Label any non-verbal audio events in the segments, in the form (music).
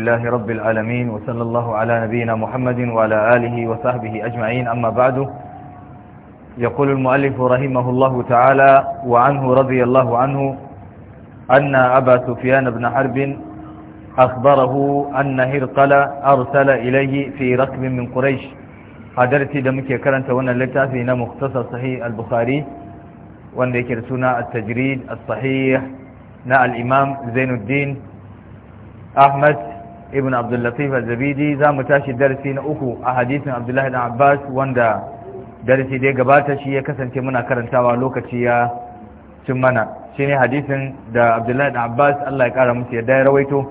الله رب العالمين وصلى الله على نبينا محمد وعلى آله وصحبه أجمعين أما بعد يقول المؤلف رحمه الله تعالى وعنه رضي الله عنه أن أبا سفيان بن حرب أخبره أن هرقل أرسل إليه في ركب من قريش حضرت دمك كرنت وانا فينا مختصر صحيح البخاري وانا ذكرتنا التجريد الصحيح نا الإمام زين الدين أحمد ibn abdul latif al-zabidi za mu tashi darasi na uku a hadisin abdullahi dan abbas wanda darasi da ya gabata shi ya kasance muna karantawa lokaci ya cin mana shine hadisin da abdullahi dan abbas Allah ya kara musu yadda ya rawaito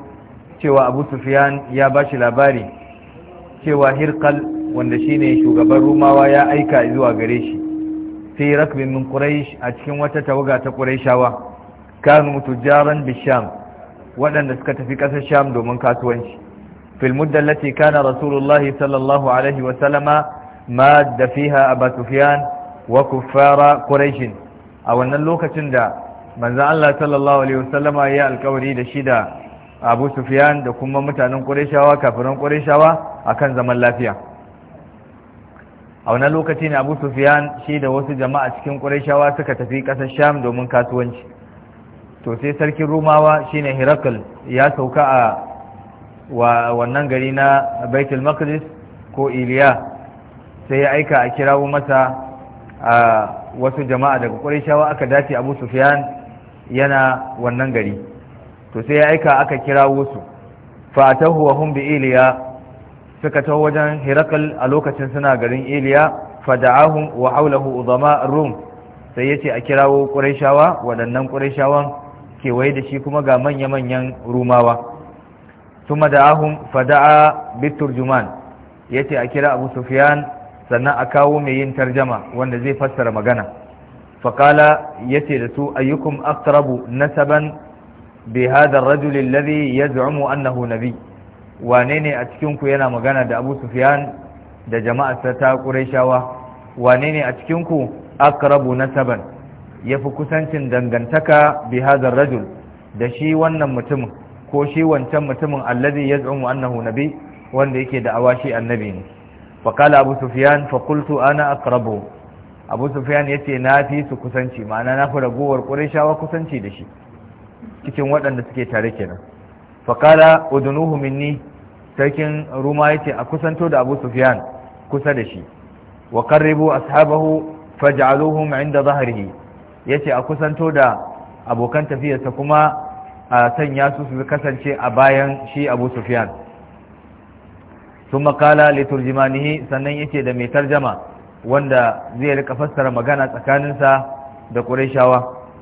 cewa abu sufiyan ya ba shi labari cewa hirkal wanda shine shugaban rumawa ya aika zuwa gare shi fi rakbin min quraish a cikin wata tawaga ta quraishawa kanu tujaran bisham waɗanda suka tafi ƙasar sham domin kasuwanci fil lati allati kana rasulullah sallallahu alaihi wa sallama madda fiha wa kufara quraish a wannan lokacin da manzon Allah sallallahu alaihi wa sallama ya alƙawari da shida da abu sufiyan da kuma mutanen qurayshawa kafiran qurayshawa akan zaman lafiya a wannan lokaci ne abu sufiyan shi da wasu jama'a cikin qurayshawa suka tafi ƙasar sham domin kasuwanci to sai sarkin rumawa shine herakl ya sauka a wannan gari na baitul maqdis ko iliya sai ya aika a kirawo masa a wasu jama'a daga ƙwarishawa aka dace abu sufyan yana wannan gari to sai ya aika aka kirawo su fa'atahu wa hum bi iliya suka taho wajen herakl a lokacin suna garin iliya fada'ahum wa haulahu uzama rum sai yace a kirawo kuraishawa waɗannan kuraishawan. kewaye da shi kuma ga manya-manyan rumawa tuma da ahun fada'a bitur juman ya ce a kira abu sufiyan sannan a kawo mai yin tarjama wanda zai fassara magana faƙala ya ce da su ayyukum aktarabu saban. bi hadar rajulin lari ya zu'umu annahu nabi wane ne a cikinku yana magana da abu sufiyan da jama'arsa ta ƙurai wanene wane ne a cikinku aktarabu saban? ya fi kusancin dangantaka bi hadar rajul da shi wannan mutumin ko shi wancan mutumin allazi yaz'umu annahu nabi wanda yake da awashi annabi ne Faƙala abu Sufiyan faƙultu ana aqrabu abu Sufiyan ya ce na fi su kusanci ma'ana na fi ragowar qurayshawa kusanci da shi cikin waɗanda suke tare kenan fa qala udunuhu minni sarkin ruma ce a kusanto da abu Sufiyan kusa da shi wa qarribu ashabahu faj'aluhum 'inda dhahrihi ya ce a kusanto da abokan tafiyarsa kuma a sanya su su kasance a bayan shi Abu Sufiyan sun makala liturjimanihi sannan sannan ce da mai tarjama wanda zai rika fassara magana tsakaninsa da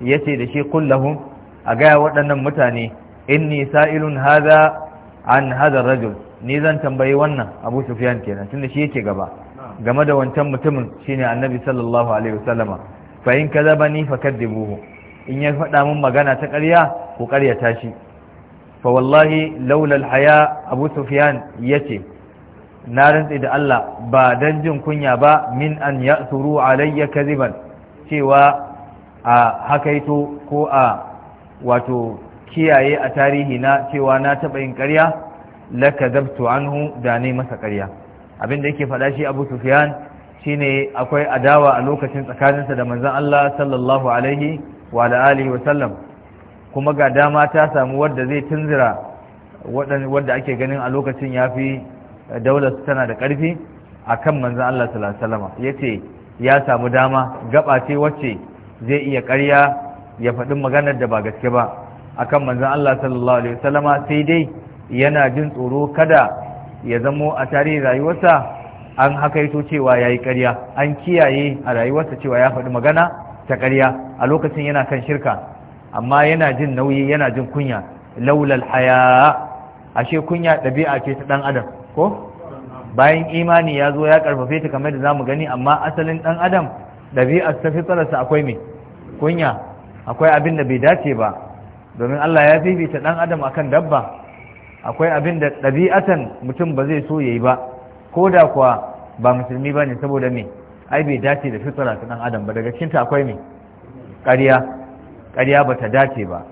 ya ce da shi kullahum a gaya waɗannan mutane inni sa'ilun haza an haza rajul ni zan tambayi wannan Abu Sufiyan kenan tunda shi yake gaba game da wancan mutumin shine Annabi sallallahu alaihi wasallama fahim ka zaba ni fakaddibuhu in ya faɗa min magana ta ƙarya ku ta shi fa wallahi laulal haya abu ya ce. na rantsi da Allah ba dan jin kunya ba min an ya'thuru alayya cewa a hakaito ko a wato kiyaye a tarihi na cewa na taɓa yin ƙarya la kadabtu anhu da ne masa ƙarya abin da yake faɗa shi abu sufiyan shine akwai adawa a lokacin tsakaninsa da manzon Allah sallallahu alaihi wa alihi wa sallam kuma ga dama ta samu wadda zai tunzira wadda ake ganin a lokacin yafi eh, daular tana da a akan manzon Allah sallallahu alaihi wa sallam yace ya samu dama gaba ce wacce zai iya ƙarya ya faɗi maganar da ba gaske ba akan manzon Allah sallallahu alaihi wa sallama sai dai yana jin tsoro kada ya zamo a tarihin rayuwarsa an hakaito cewa ya yi ƙarya an kiyaye a rayuwarsa cewa ya faɗi magana ta ƙarya a lokacin yana kan shirka amma yana jin nauyi yana jin kunya laulal haya ashe kunya ɗabi'a ce ta ɗan adam ko bayan imani ya zo ya ƙarfafe ta kamar da zamu gani amma asalin ɗan adam ɗabi'a ta fitararsa akwai me kunya akwai abin da bai dace ba domin Allah ya fifita ɗan adam akan dabba akwai abin da ɗabi'atan mutum ba zai so ya yi ba ko da kuwa ba musulmi ba ne saboda me ai bai dace da fitra ta ɗan adam ba daga cikinta akwai me ƙarya ƙarya ba ta dace ba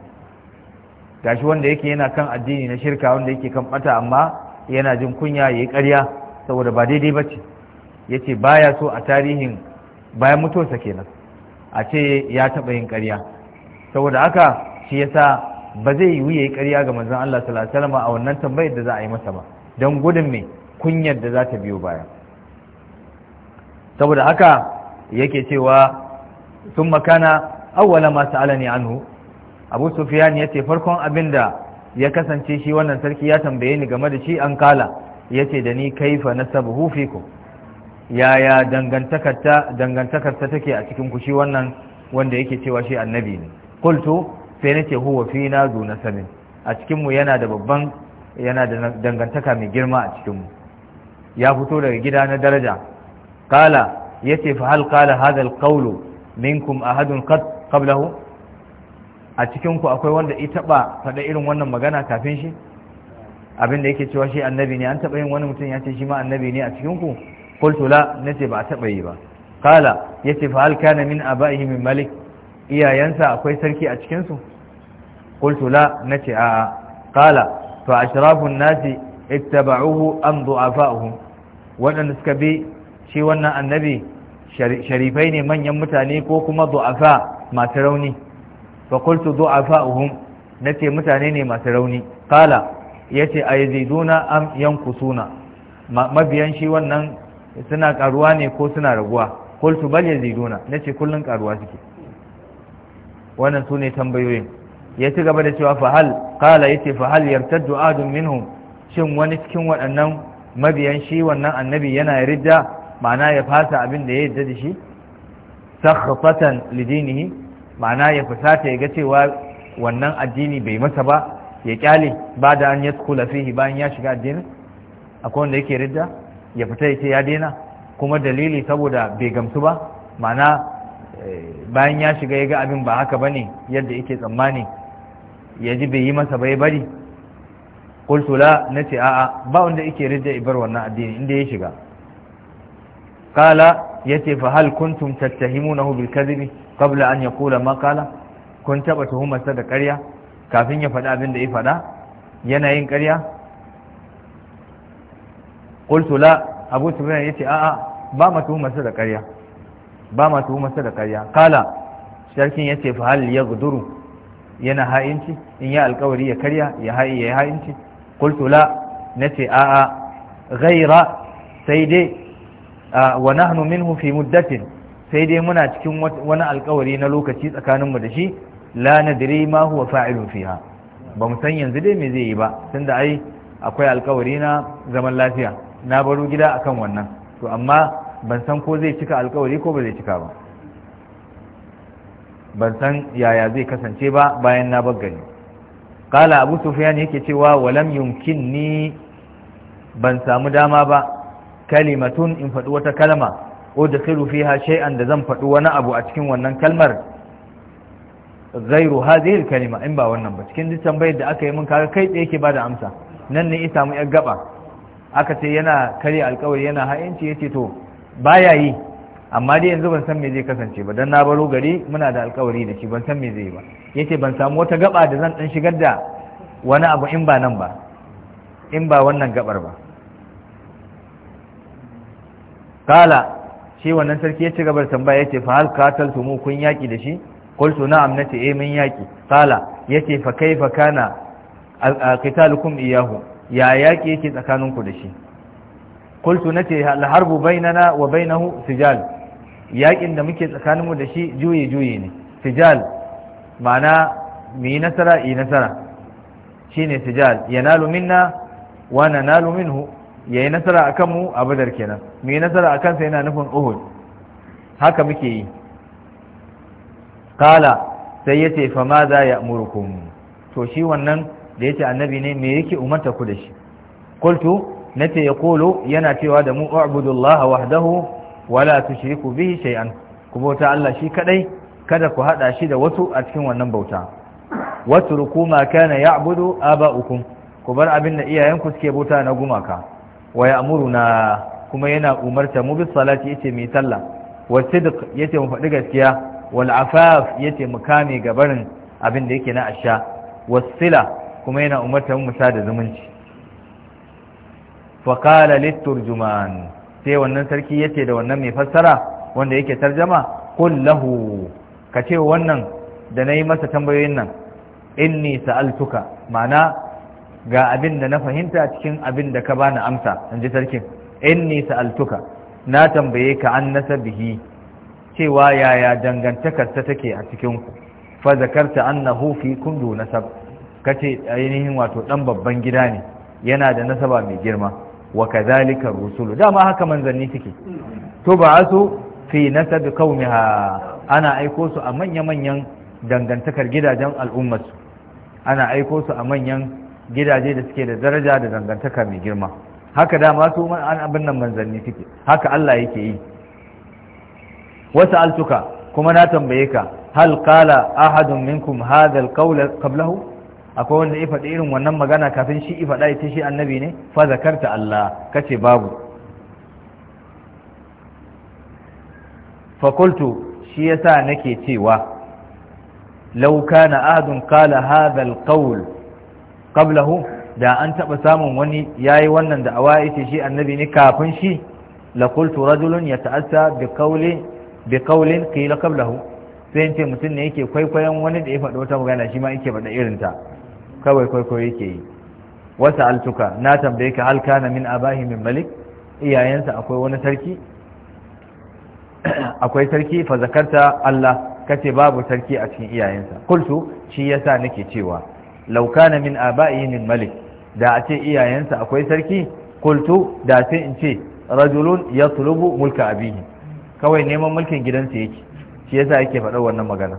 gashi wanda yake yana kan addini na shirka wanda yake kan ɓata amma yana jin kunya ya yi ƙarya saboda ba daidai ba ce ya ba baya so a tarihin bayan mutuwarsa kenan a ce ya taɓa yin ƙarya saboda haka shi yasa ba zai yiwu yi ƙarya ga manzon Allah sallallahu alaihi wasallam a wannan tambayar da za a yi masa ba don gudun mai. kunyar da za ta biyo baya saboda haka yake cewa sun makana awwala masu alani anhu abu ya ce farkon abin da ya kasance shi wannan sarki ya tambaye ni game da shi an kala ya ce da ni kaifa hufi ku yaya dangantakarta take a cikin ku shi wannan wanda yake cewa shi annabi ne kultu sai ce huwa zo na sanin a cikinmu yana da babban yana da dangantaka mai girma a cikinmu. ya fito daga gida na daraja kala yace fa hal kala hadha alqawlu minkum ahadun qad qablahu a cikinku akwai wanda ita ba faɗa irin wannan magana kafin shi Abinda da yake cewa shi annabi ne an taɓa yin wani mutum ya ce shi ma annabi ne a cikinku? Kultula na ce ba a taɓa yi ba kala yace fa hal kana min a abaihi min malik iyayensa akwai sarki a cikin su qultu la nace a kala fa ashrafun nasi ittaba'uhu am du'afa'uhum waɗanda suka bi shi wannan annabi sharifai ne manyan mutane ko kuma du'afa masu rauni fa qultu uhum nace mutane ne masu rauni qala yace ayziduna am yankusuna mabiyan shi wannan suna karuwa ne ko suna raguwa qultu bal yaziduna nace kullun karuwa suke wannan sune tambayoyin ya ci gaba da cewa fahal qala yace fahal yartaddu adun minhum shin wani cikin waɗannan mabiyan shi wannan annabi yana ridda ma'ana ya fasa abin da ya yadda da shi sakhfatan lidinihi ma'ana ya fusata ya ga cewa wannan addini bai masa ba ya kyale ba da an yaskula fihi bayan ya shiga addinin akwai wanda yake ridda ya fita ya ce ya daina kuma dalili saboda bai gamsu ba ma'ana eh, bayan ya shiga ya ga abin ba haka bane yadda yake tsammani ya ji bai yi masa bai bari qultu la ce a'a ba wanda yake ridda ibar wannan addini inda ya shiga ya ce fa hal kuntum tattahimunahu bil kadhibi qabla an yaqula ma qala kun taba tuhumarsa da ƙarya kafin ya faɗa abin da ya faɗa yana yin ƙarya qultu la abu ya ce a'a ba ma tuhumarsa da ƙarya ba ma tuhumarsa da ƙarya qala sarkin ya ce fa hal yaghduru yana ha'inci in ya alƙawari ya karya ya ha'i ya ha'inci Kultula la ce a'a gaira sai dai wa nahnu minhu fi muddatin sai dai muna cikin wani alkawari na lokaci tsakaninmu da shi la nadri ma huwa fiha ba mu san yanzu dai me zai yi ba tunda ai akwai alkawari na zaman lafiya na baro gida akan wannan to amma ban san ko zai cika alkawari ko ba zai cika ba ban san yaya zai kasance ba bayan na bar gani kala abu sufyan yake cewa walam yunkin ni ban samu dama ba kalimatun in faɗi wata kalma udkhilu ha shay'an da zan faɗi wani abu a cikin wannan kalmar zairu hadhihi kalima in ba wannan ba cikin duk tambayar da aka yi min kaga kai tsaye ke bada amsa nan ne ya samu yar gaba aka ce yana kare alƙawari yana ha'inci yace to baya yi amma dai yanzu ban san me zai kasance ba dan na baro gari muna da alkawari da shi ban san me zai ba yace ban samu wata gaba da zan dan shigar da wani abu in ba nan ba in ba wannan gabar ba kala shi wannan sarki ya ci gabar da tambaya yace fa hal katal tumu kun yaki da shi qultu na'am nace eh mun yaki kala yace fa kaifa kana qitalukum iyahu ya yaki yake tsakaninku da shi qultu nace al harbu bainana wa bainahu sijal yakin da muke tsakaninmu da shi juye juye ne sijal ma'ana mu yi nasara yi nasara shine sijal yanalu minna wa nanalu minhu yi nasara a kanmu a badar kenan mu yi nasara a kansa yana nufin uhud haka muke yi kala sai ce fa ma za ya'murukum to shi wannan da yace annabi ne me yake umarta ku da shi ce ya kolo, yana cewa da mu a'budullaha wahdahu wala tushriku bihi shay'an ku bauta Allah shi kadai kada ku hada shi da wasu a cikin wannan bauta watruku ma kana ya'budu aba'ukum ku bar abin da iyayenku suke bauta na gumaka wa ya'muruna kuma yana umarta mu bis salati yace mu sallah wa sidq yace mu faɗi gaskiya wal afaf yace mu kame gabarin abin da yake na asha wasila kuma yana umarta mu sha da zumunci fa qala sai wannan sarki yace da wannan mai fassara wanda yake tarjama kul lahu ka ce wannan da nayi masa tambayoyin nan inni sa'altuka ma'ana ga abin da na fahimta cikin abin da ka bani amsa inji sarkin inni sa'altuka na tambaye ka an nasabihi cewa yaya dangantakar ta take a cikin ku fa zakarta annahu fi kundu nasab kace ainihin wato dan babban gida ne yana da nasaba mai girma wa kadhalika rusulu dama haka manzanni suke to ba su fi nasab qaumiha ana aiko su a manya-manyan dangantakar gidajen al'ummarsu ana aiko su a manyan gidaje da suke da daraja da dangantaka mai girma haka dama su an abin nan manzanni suke haka Allah yake yi wasu altuka kuma na tambaye ka hal qala ahadun minkum hadha alqawla qablahu akwai wanda ya faɗi irin wannan magana kafin shi ya faɗa ita shi annabi ne fa zakarta Allah kace babu fakultu shi yasa nake cewa law kana ahadun qala hadha alqawl qablahu da an taba samun wani yayi wannan da awaice shi annabi ne kafin shi la qultu rajulun yata'assa bi qawli bi qawlin qila qablahu sai ce mutum ne yake kwaikwayon wani da ya faɗi wata magana shi ma yake faɗa irinta kawai kwaikwayo yake yi wasa altuka na tambaye ka halka kana min abahi min malik iyayensa akwai wani sarki (clears throat) akwai sarki fa zakarta Allah kace babu sarki a cikin iyayensa kultu shi yasa nake cewa law kana min abahi min malik da a ce iyayensa akwai sarki kultu da sai in ce rajulun yatlubu mulka abihi kawai neman mulkin gidansa yake shi yasa yake faɗa wannan magana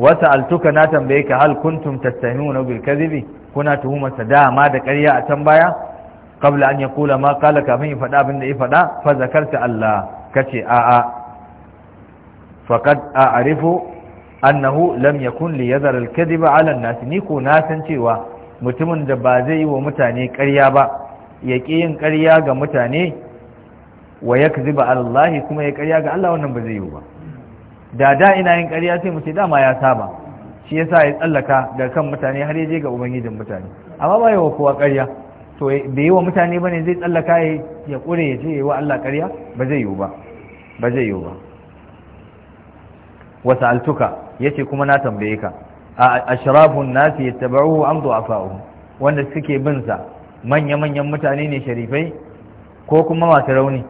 wata altuka na tambaye ka hal kuntum tastamuna bil kadhibi kuna tuhumarsa dama da ƙarya a can baya qabla an yaqula ma qala kafin ya fada abin da ya faɗa fa zakarta Allah kace a a faqad a'rifu annahu lam yakun li yadhar al kadhiba ala an ni ko na san cewa mutumin da ba zai yi wa mutane ƙarya ba ya ƙi yin ƙarya ga mutane wa yakdhiba ala Allah kuma ya ƙarya ga Allah wannan ba zai yi ba da da ina yin ƙarya sai mu ce dama ya saba shi yasa ya tsallaka da kan mutane har ya je ga ubangijin mutane amma ba yawa kowa ƙarya to eh, bai yi wa mutane bane zai tsallaka ya ƙure ya ce wa Allah ƙarya ba zai yiwu ba ba zai yiwu ba wasa altuka yace kuma na tambaye ka a ashrabun nas yattaba'uhu am du'afa'uhu wanda suke bin sa manya manyan mutane ne sharifai ko kuma masu rauni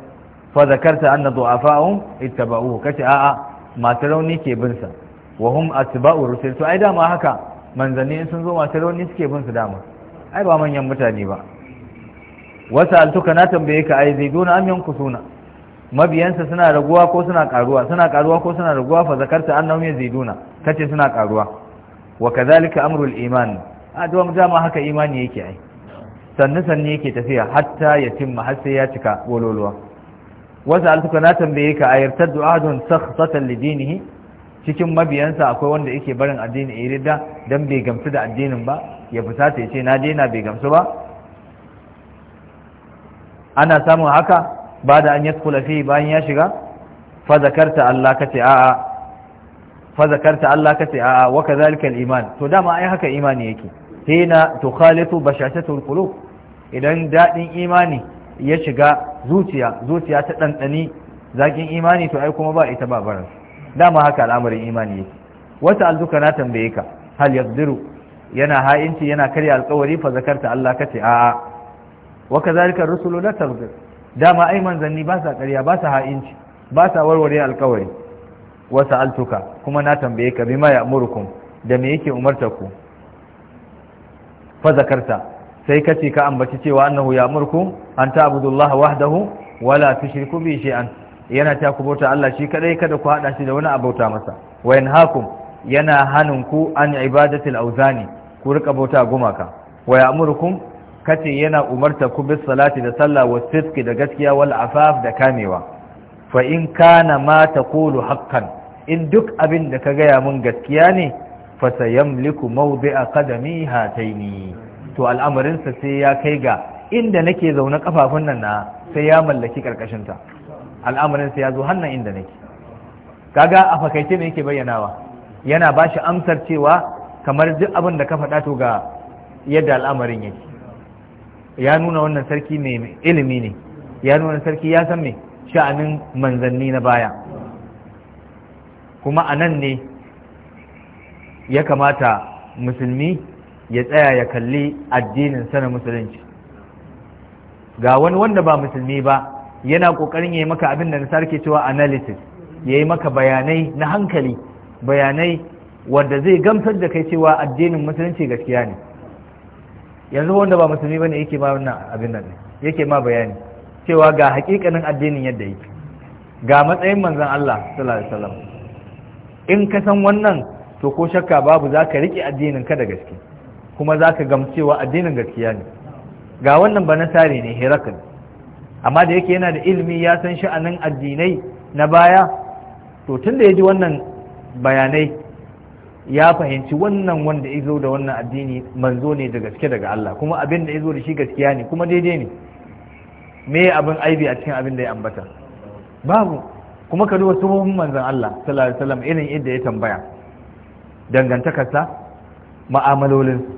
fa zakarta anna du'afa'u ittaba'u kace a'a masu rauni ke bin sa wa hum atba'u rusul to ai dama haka manzanni sun zo masu rauni suke bin su dama ai ba manyan mutane ba wasa altuka na tambaye ka ai zaiduna am yankusuna mabiyansa suna raguwa ko suna karuwa suna karuwa ko suna raguwa fa zakarta annahum yaziduna kace suna karuwa wa kadhalika amrul iman a dawam dama haka imani yake ai sannu sannu yake tafiya hatta yatimma har sai ya cika bololuwa Wasu altuka na tambaye ka ayartar du'adun sakhsatan lidinihi cikin mabiyansa akwai wanda yake barin addini irida dan bai gamsu da addinin ba ya fita ta ce na daina bai gamsu ba ana samun haka ba da an yadkula fi bayan ya shiga fa zakarta Allah kace a'a fa zakarta Allah kace a'a wa al-iman to dama ai haka imani yake hina tukhalitu bashashatu qulub idan daɗin imani ya shiga zuciya zuciya ta ɗanɗani zaƙin imani to ai kuma ba ita ba bara dama haka al'amarin imani yake wata alduka na tambaye ka hal yaqdiru yana ha'inci yana karya alƙawari fa zakarta Allah kace a'a wa kazalika rusulu la tabdir dama ai manzanni ba sa karya ba sa ha'inci ba sa warware alƙawari wa sa'altuka kuma na tambaye ka bima ya'murukum da me yake umartaku fa zakarta sai kace ka ambaci cewa annahu ya murku an ta'budullaha wahdahu wala tushriku bihi shay'an yana ta ku bauta Allah shi kadai kada ku hada shi da wani abauta masa wa yanhakum yana hanunku an ibadatil auzani ku rika bauta gumaka wa ya'murukum kace yana umarta ku bis salati da sallah wa sidqi da gaskiya wal afaf da kamewa fa in kana ma taqulu haqqan in duk abin da ka gaya mun gaskiya ne fa sayamliku mawdi'a qadami hataini to al'amarinsa sai ya kai ga inda nake zaune kafafun nan na sai ya mallaki karkashinta al'amarinsa ya zo hannan inda nake kaga a fakaice ne yake bayyanawa yana ba shi amsar cewa kamar duk abin da ka faɗa to ga yadda al'amarin yake ya nuna wannan sarki mai ilimi ne ya nuna sarki ya san me sha'anin manzanni na baya kuma anan ne ya kamata musulmi ya tsaya ya kalli addinin sana musulunci ga wani wanda ba musulmi ba yana kokarin yayi maka abin da na sarki cewa analysis yayi maka bayanai na hankali bayanai wanda zai gamsar da kai cewa addinin musulunci gaskiya ne yanzu wanda ba musulmi bane yake ma wannan abin nan yake ma bayani cewa ga hakikanin addinin yadda yake ga matsayin manzon Allah sallallahu alaihi wasallam in ka san wannan to ko shakka babu za ka riƙe addinin ka da gaske kuma za ka gamcewa addinin gaskiya ne ga wannan ba tare ne herakl amma da yake yana da ilimi ya san sha'anin addinai na baya to tun da ya ji wannan bayanai ya fahimci wannan wanda ya zo da wannan addini manzo ne da gaske daga Allah kuma abin da ya zo da shi gaskiya ne kuma daidai ne me abin aibi a cikin abin da ya ambata babu kuma ka duba sunan manzon Allah sallallahu alaihi wasallam irin yadda ya tambaya dangantakarsa ma'amalolinsa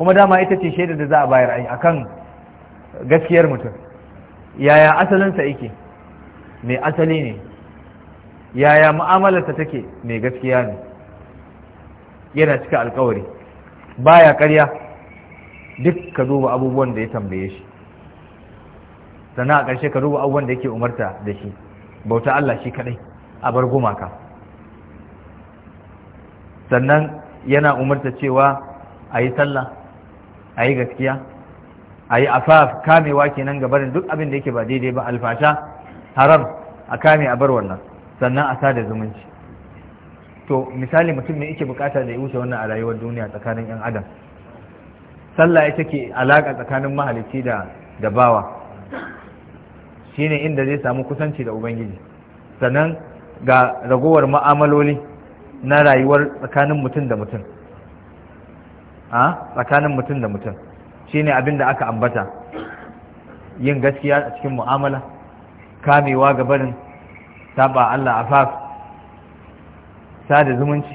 kuma dama ita ce shaida da za a bayar a kan gaskiyar mutum yaya asalinsa yake mai asali ne yaya mu'amalarsa take mai gaskiya ne yana cika alkawari baya karya duk ka duba abubuwan da ya tambaye shi sannan a ƙarshe ka duba abubuwan da yake umarta da shi bauta Allah shi kaɗai a bar gumaka sannan yana umarta cewa a yi sallah a yi gaskiya a yi afaf kamewa kenan gabarin duk abin da yake ba daidai ba alfasha haram a kame a bar wannan sannan a sada zumunci to misali mutum ne yake bukata da ya wuce wannan a rayuwar duniya tsakanin yan adam sallah ita ke alaka tsakanin mahalicci da da bawa shine inda zai samu kusanci da ubangiji sannan ga ragowar ma'amaloli na rayuwar tsakanin mutum da mutum a tsakanin mutum da mutum shine abin da aka ambata yin gaskiya a cikin mu'amala kamewa ga barin saba Allah afaf sada zumunci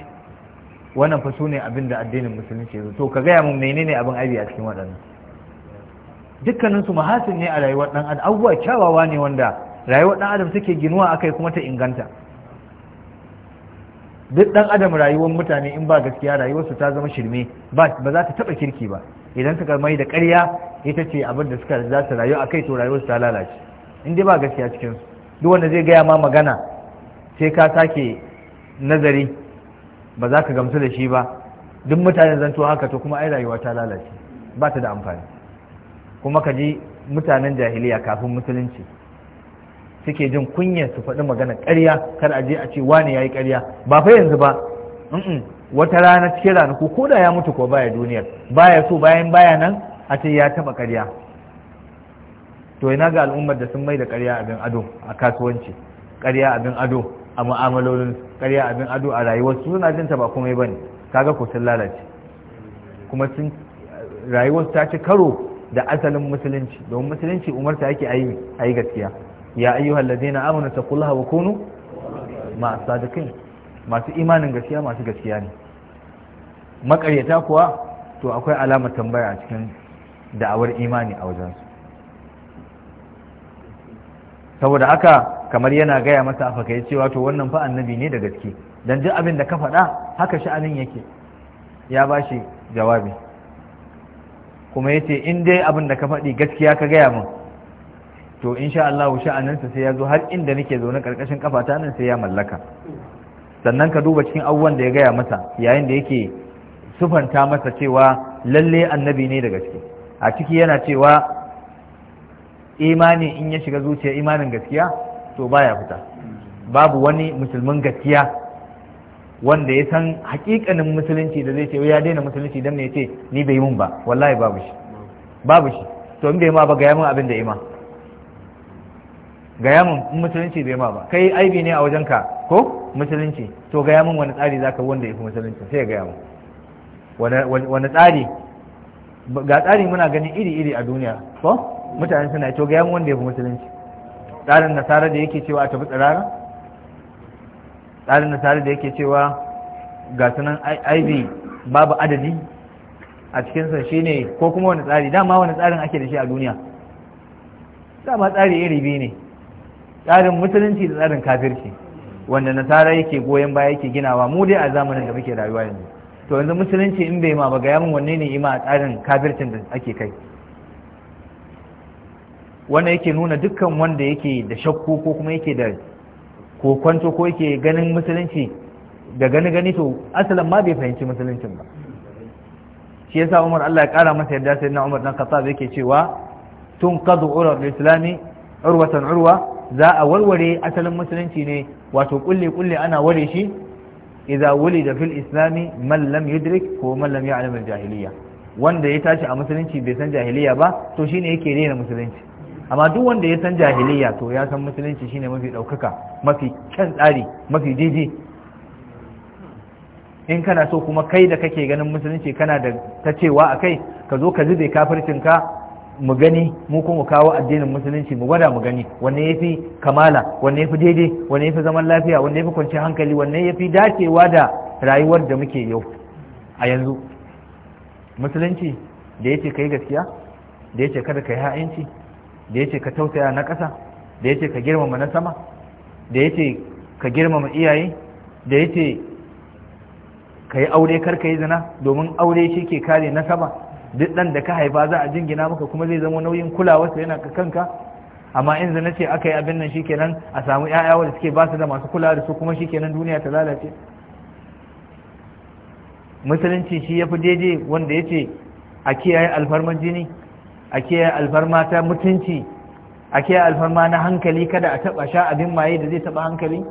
wannan fa sune abin da addinin musulunci ya to ka gaya mun menene abin aibi a cikin waɗannan dukkaninsu mahasin ne a rayuwar ɗan adam abubuwa kyawawa ne wanda rayuwar ɗan adam take ginuwa akai kuma ta inganta duk dan adam rayuwar mutane in ba gaskiya rayuwarsu ta zama shirme ba za ta taba kirki ba idan suka mai da ƙarya ita ce abin da suka za su rayu akai to rayuwarsu ta lalace in dai ba gaskiya cikin su duk wanda zai gaya ma magana sai ka sake nazari ba za ka gamsu da shi ba duk mutane zanto haka to kuma ai rayuwa ta lalace ba ta da amfani kuma ka ji mutanen jahiliya kafin musulunci suke jin kunyar su faɗi magana ƙarya kar a je a ce wane yayi ƙarya ba fa yanzu ba wata rana cikin ranaku ko da ya mutu ko baya duniyar baya so bayan baya nan a ce ya taɓa ƙarya to ina ga al'ummar da sun mai da ƙarya abin ado a kasuwanci ƙarya abin ado a mu'amalolin ƙarya abin ado a rayuwar su suna jin ta ba komai bane kaga ko sun lalace kuma sun rayuwar ta ci karo da asalin musulunci domin musulunci umarta ake ayi gaskiya ya ayyuha alladhina amanu taqullaha wa kunu ma sadiqin masu imanin gaskiya masu gaskiya ne makaryata kuwa to akwai alamar tambaya a cikin da'awar imani a wajensu saboda haka kamar yana gaya masa a ya cewa to wannan fa annabi ne da gaske dan duk abin da ka faɗa haka sha'anin yake ya bashi jawabi kuma ya ce in dai abin da ka faɗi gaskiya ka gaya min to insha Allah sha'aninsa sai ya zo har inda nake zaune karkashin kafa ta nan sai ya mallaka sannan ka duba cikin abubuwan da ya gaya masa yayin da yake sufanta masa cewa lalle annabi ne da gaske a ciki yana cewa imani in ya shiga zuciya imanin gaskiya to baya fita babu wani musulmin gaskiya wanda ya san hakikanin musulunci da zai ce ya daina musulunci dan ne ya ce ni bai mun ba wallahi babu shi babu shi to in bai ma ba ga yamin abin da ima gaya min in musulunci bai ma ba kai aibi ne a wajen ka ko musulunci to gaya min wani tsari zaka wanda yafi musulunci sai ya gaya min wani tsari ga tsari muna ganin iri iri a duniya ko mutane suna to gaya min wanda yafi musulunci tsarin nasara da yake cewa a tafi tsirara tsarin nasara da yake cewa ga sunan aibi babu adadi a cikinsa shine ko kuma wani tsari dama wani tsarin ake da shi a duniya dama tsari iri biyu ne tsarin musulunci da tsarin kafirci wanda nasara yake goyon baya yake ginawa mu dai a zamanin da muke rayuwa yanzu to yanzu musulunci in bai ma ba ga yamin wanne ne ima a tsarin kafircin da ake kai wanda yake nuna dukkan wanda yake da shakku ko kuma yake da kokwanto ko yake ganin musulunci da gani gani to asalin ma bai fahimci musuluncin ba shi yasa Umar Allah ya kara masa yadda na Umar dan Khattab yake cewa tun urwa al-islami urwatan urwa za a warware asalin musulunci ne wato kulle kulle ana ware shi idza wulida fil islami man lam yudrik ko man lam ya'lam al jahiliya wanda ya tashi a musulunci bai san jahiliya ba to shine yake rena musulunci amma duk wanda ya san jahiliya to ya san musulunci shine mafi daukaka mafi kyan tsari mafi daidai in kana so kuma kai da kake ganin musulunci kana da ta cewa a ka zo ka zube kafircinka mu gani mu kuma kawo addinin musulunci mu gwada mu gani wanne yafi kamala wanne yafi daidai wanne yafi zaman lafiya wanne yafi kwanciyar hankali wanne yafi dacewa da rayuwar da muke yau a yanzu musulunci da yace kai gaskiya da yace kada kai ha'inci da yace ka tausaya na ƙasa da yace ka girmama na sama da yace ka girmama iyaye da yace ka yi aure kar ka yi zina domin aure shi ke kare na sama duk ɗan da ka haifa za a jingina maka kuma zai zama nauyin kulawa kulawarsa yana kanka amma in zana ce aka yi abin nan shikenan a samu ƴaƴa wanda suke ba su da masu kula da su kuma shikenan duniya ta lalace musulunci shi ya fi daidai wanda ya ce a kiyaye alfarmar jini a kiyaye alfarma ta mutunci a kiyaye alfarma na hankali kada a taɓa sha abin maye da zai taɓa hankali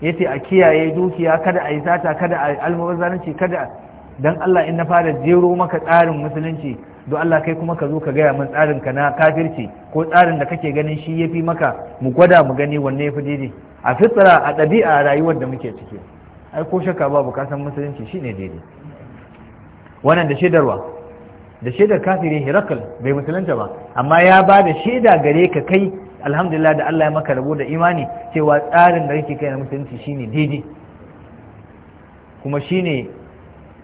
ya ce a kiyaye dukiya kada a yi sata kada a almubazzaranci kada dan Allah in na fara jero maka tsarin musulunci don Allah kai kuma ka zo ka gaya min tsarin ka na kafirci ko tsarin da kake ganin shi yafi maka mu gwada mu gani wanne yafi daidai a fitra a ɗabi'a rayuwar da muke ciki ai ko shakka babu ka san musulunci shine daidai wannan da shaidarwa da shaidar kafiri hirakal bai musulunta ba amma ya ba da shaida gare ka kai alhamdulillah da Allah ya maka rabo da imani cewa tsarin da kake kai na musulunci shine daidai kuma shine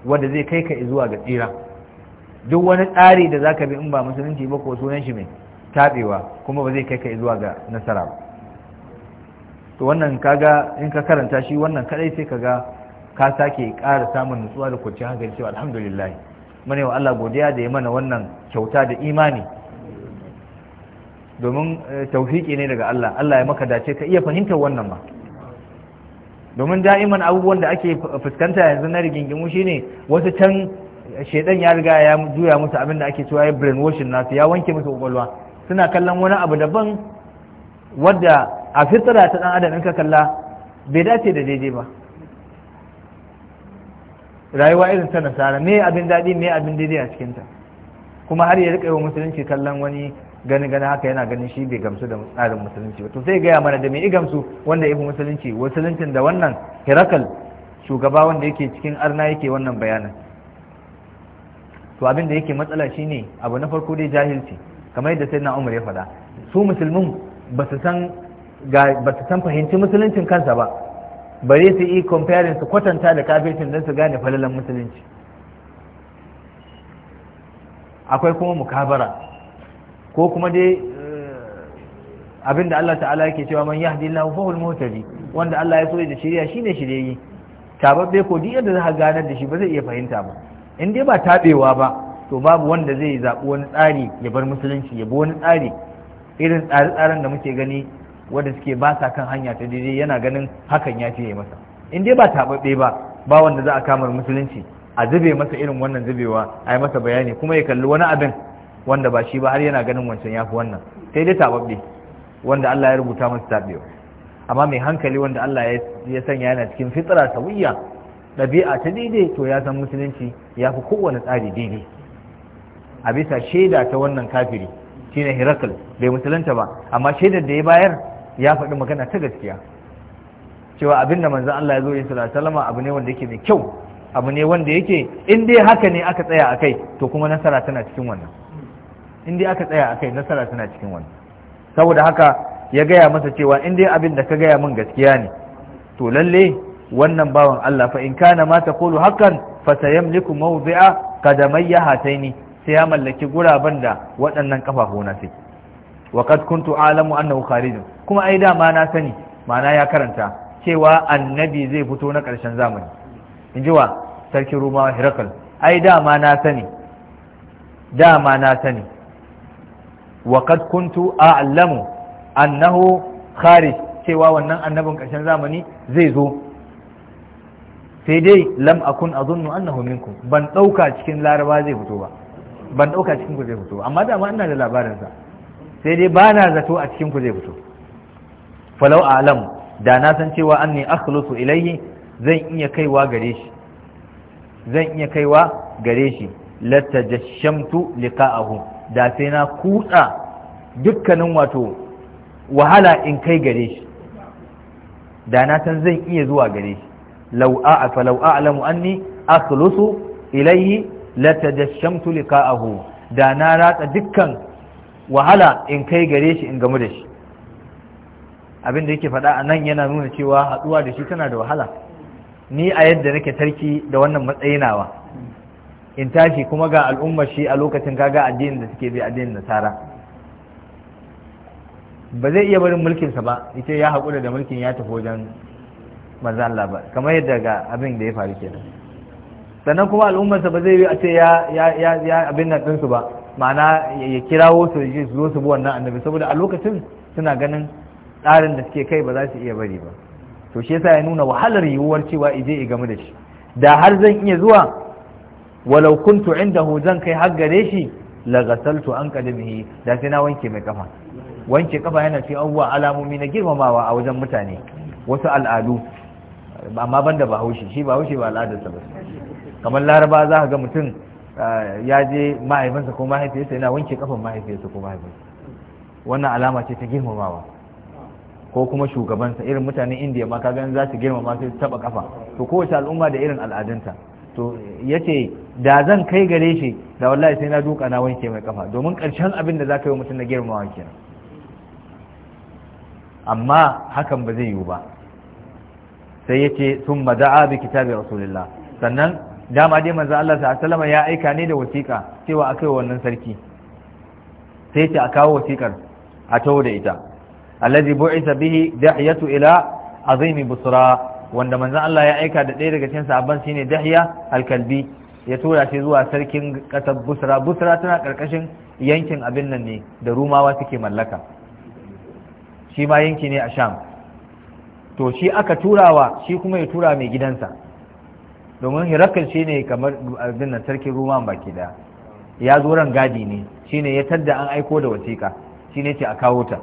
wanda zai kai ka zuwa ga tsira duk wani tsari da zaka bi in ba musulunci ba ko sunan shi mai tabewa kuma ba zai kai ka zuwa ga nasara ba to wannan kaga in ka karanta shi wannan kadai sai kaga ka sake ƙara samun nutsuwa da kwanciyar hankali cewa alhamdulillah mune wa Allah godiya da ya mana wannan kyauta da imani domin eh, tawfiki ne daga Allah Allah ya maka dace ka iya fahimtar wannan ma domin da'iman abubuwan da ake fuskanta yanzu na rigingimu shine wasu can shedan ya riga ya juya musu abin da ake cewa ya brainwashing nasu ya wanke musu kwakwalwa suna kallon wani abu daban wadda a fitara ta dan adam in ka kalla bai dace da daidai ba rayuwa irin ta nasara me abin daɗi me abin daidai a cikinta kuma har ya riƙa yi wa musulunci kallon wani Ganin gani haka yana ganin shi bai gamsu da tsarin musulunci ba to sai gaya mana da mai gamsu wanda ya fi musulunci musuluncin da wannan hirakal shugaba wanda yake cikin arna yake wannan bayanan. to abin da yake matsala shine abu na farko dai jahilci kamar yadda sayyidina Umar ya faɗa su musulmin ba su san ba fahimci musuluncin kansa ba bare su yi comparing su kwatanta da kafircin don su gane falalan musulunci akwai kuma mukabara ko kuma dai eh, abinda Allah ta'ala yake cewa man yahdillahu fahul muhtadi wanda Allah ya so ya shirya shine shiryayye tababbe ko duk yadda za ganar da shi ba zai iya fahimta ba in dai ba tabewa ba to babu wanda zai zabi wani tsari ya bar musulunci ya bi wani tsari irin tsare-tsaren da muke gani wanda suke ba sa kan hanya ta daidai yana ganin hakan ya fiye masa in dai ba tababbe ba ba wanda za a kama musulunci a zube masa irin wannan zubewa a yi masa bayani kuma ya kalli wani abin wanda ba shi ba har yana ganin wancan yafi wannan sai dai tababbe wanda Allah ya rubuta masa tabewa amma mai hankali wanda Allah ya sanya yana cikin fitra sawiyya ɗabi'a ta daidai to ya san musulunci yafi fi kowane tsari daidai a bisa shaida ta wannan kafiri shine herakl bai musulunta ba amma shaidar da ya bayar ya faɗi magana ta gaskiya cewa abin da manzan Allah ya zo ya sallallahu salama abu ne wanda yake mai kyau abu ne wanda yake in dai haka ne aka tsaya a kai to kuma nasara tana cikin wannan in dai aka tsaya akai nasara tana cikin wani saboda haka ya gaya masa cewa in dai abin da ka gaya min gaskiya ne to lalle wannan bawan Allah fa in kana ma kulu hakan fa sayamliku mawdi'a hatai hataini sai ya mallaki guraben da waɗannan na sai wa qad kuntu a'lamu annahu kharij kuma ai dama na sani mana ya karanta cewa annabi zai fito na ƙarshen zamani in ji wa sarki rumawa hirakal ai dama na sani dama na sani wa kad kuntu a'lamu annahu kharij cewa wannan annabin ƙarshen zamani zai zo sai dai lam akun azunnu annahu minkum ban ɗauka cikin laraba zai fito ba ban ɗauka cikin ku zai fito ba amma dama ina da labarinsa sai dai bana zato a cikin ku zai fito falau a'lamu da na san cewa anni akhlusu ilayhi zan iya kaiwa gare shi zan iya kaiwa gare shi latajashamtu liqa'ahu da sai na kutsa dukkanin wato wahala in kai gare shi da na san zan iya zuwa gare shi Lau'a a fa law a'lamu anni akhlusu ilayhi latajashamtu liqa'ahu da na ratsa dukkan wahala in kai gare shi in gamu da shi abin da yake faɗa a nan yana nuna cewa haɗuwa da shi tana da wahala ni a yadda nake tarki da wannan matsayinawa. in tashi kuma ga al'ummar shi a lokacin kaga addinin da suke bi addinin nasara ba zai iya barin mulkinsa ba yace ya haƙura da mulkin ya tafi wajen manzo Allah ba kamar yadda ga abin da ya faru kenan sannan kuma al'ummarsa ba zai yi a ce ya ya ya abin nan ɗinsu ba ma'ana ya kirawo su su zo su bi wannan annabi saboda a lokacin suna ganin tsarin da suke kai ba za su iya bari ba to shi yasa ya nuna wahalar yiwuwar cewa ije i game da shi da har zan iya zuwa walau kuntu indahu zan kai har gare shi la ghasaltu an qadamihi da sai na wanke mai kafa wanke kafa yana ce abubuwa alamomi na girmamawa a wajen mutane wasu al'adu amma banda bahaushe shi bahaushe ba al'adarsa ba kamar laraba za ka ga mutum ah, ya je mahaifinsa ko mahaifiyarsa yana wanke kafan mahaifiyarsa ko mahaifinsa wannan alama ce ta girmamawa ko kuma shugabansa irin mutanen indiya ma ka kagan za su girmama sai taba kafa to kowace al'umma da irin al'adunta to yace da zan kai gare shi da wallahi sai na duka na wanke mai kafa domin ƙarshen abin da za ka yi mutum na girmawa kenan amma hakan ba zai yiwu ba sai ya ce sun mada'a bi kitabin rasulullah sannan dama dai manzo Allah sallallahu ya aika ne da wasiƙa cewa akai wannan sarki sai ce a kawo wasiƙar a taho da ita allazi bu'isa bihi dahyatu ila azimi busra wanda manzo Allah ya aika da ɗaya daga cikin sahabban shine dahya al ya tura shi zuwa sarkin ƙasar busra busra tana ƙarƙashin yankin abin nan ne da rumawa suke mallaka shi ma yanki ne a sham to shi aka turawa shi kuma ya tura mai gidansa domin hirakan shi ne kamar abin nan sarkin ba baki daya ya zo ran gadi ne Shi ne ya tadda an aiko da wasiƙa Shi ne ce a kawo ta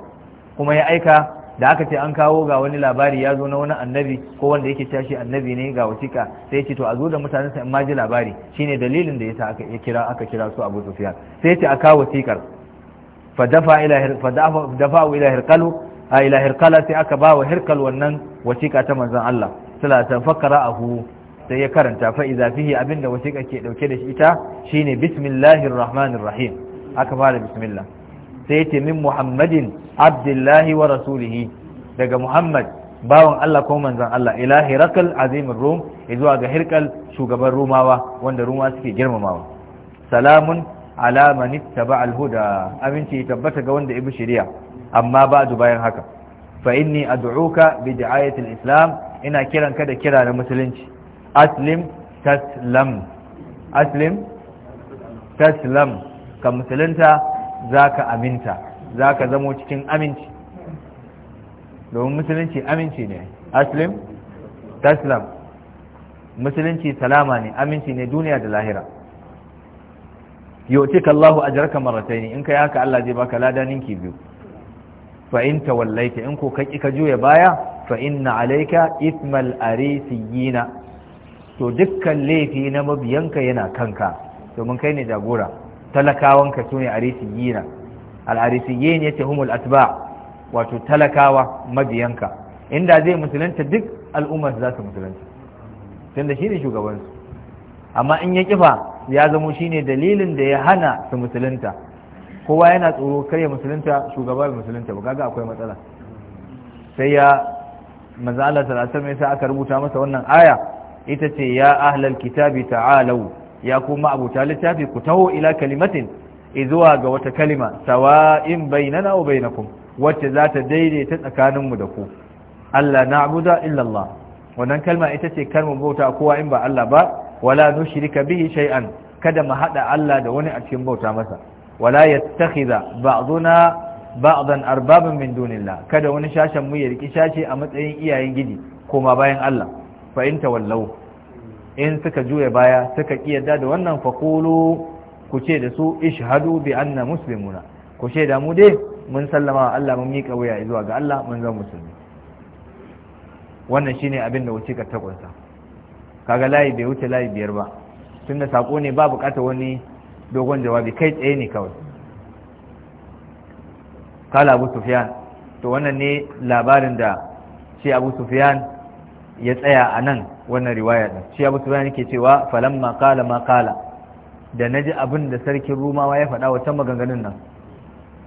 kuma ya aika da aka ce an kawo ga wani labari ya zo na wani annabi ko wanda yake tashi annabi ne ga wasiƙa sai ce to a zo da mutanen sa in ma ji labari shine dalilin da yasa aka kira aka kira su Abu Sufyan sai ce a kawo wasiƙar fa dafa ila fa dafa ila hirqalu a ila hirqala sai aka ba wa hirqal wannan wasiƙa ta manzon Allah fakara ahu sai ya karanta fa iza fihi abinda wasiƙa ke dauke da shi ita shine bismillahir rahmanir rahim aka fara bismillah sai ce min muhammadin abdullahi wa rasulihi daga muhammad bawan Allah ko manzon Allah ila hirakal azimin rum zuwa ga hirkal shugaban rumawa wanda ruma suke girmamawa salamun ala man ittaba alhuda aminci tabbata ga wanda ibi shari'a amma ba'du bayan haka fa inni ad'uka bi da'ayati islam ina kiranka da kira na musulunci aslim taslam aslim taslam ka musulunta za ka aminta za ka zamo cikin aminci domin musulunci aminci ne aslim taslam musulunci salama ne aminci ne duniya da lahira yotika Allahu ajraka marratayn in yi haka Allah zai baka lada ninki biyu fa’in in wallaita in ko ka ka juya baya fa alaika ismal ithmal to dukkan laifi na mabiyanka yana kanka domin kai ne jagora talakawanka su ne arisiyina al'arisiyin ya ce humul atba wato talakawa mabiyanka inda zai musulunta duk al'ummar za su musulunta tunda shi ne shugabansu amma in ya kifa ya zamo shi ne dalilin da ya hana su musulunta kowa yana tsoro kar ya musulunta shugaba ya musulunta ba kaga akwai matsala sai ya manzo Allah sallallahu alaihi wasallam aka rubuta masa wannan aya ita ce ya ahlal kitabi ta'alau ya kuma abuta littafi ku taho ila kalimatin zuwa ga wata kalima sawa'in bainana wa bainakum wacce za ta daidaita tsakaninmu da ku Allah na'budu illa Allah wannan kalma ita ce kalmar bauta kowa in ba Allah ba wala nushrika bihi shay'an kada mu hada Allah da wani a cikin bauta masa wala yattakhidha ba'duna ba'dan arbaban min dunillah kada wani shashan mu ya riki shashi a matsayin iyayen gidi ma bayan Allah fa in in suka juya baya suka kiyarda da wannan faqulu ku ce da su ishhadu bi anna muslimuna ku ce da mu dai mun sallama wa Allah mun mika wuya zuwa ga Allah mun zama musulmi wannan shine abin da wuce ka takunsa kaga layi bai wuce layi biyar ba tunda sako ne ba bukata wani dogon jawabi kai tsaye ne kawai kala abu sufyan to wannan ne labarin da shi abu sufyan ya tsaya a nan wannan riwaya ɗin shi abu turan yake cewa falon makala makala da na ji abin da sarkin rumawa ya faɗa wata maganganun nan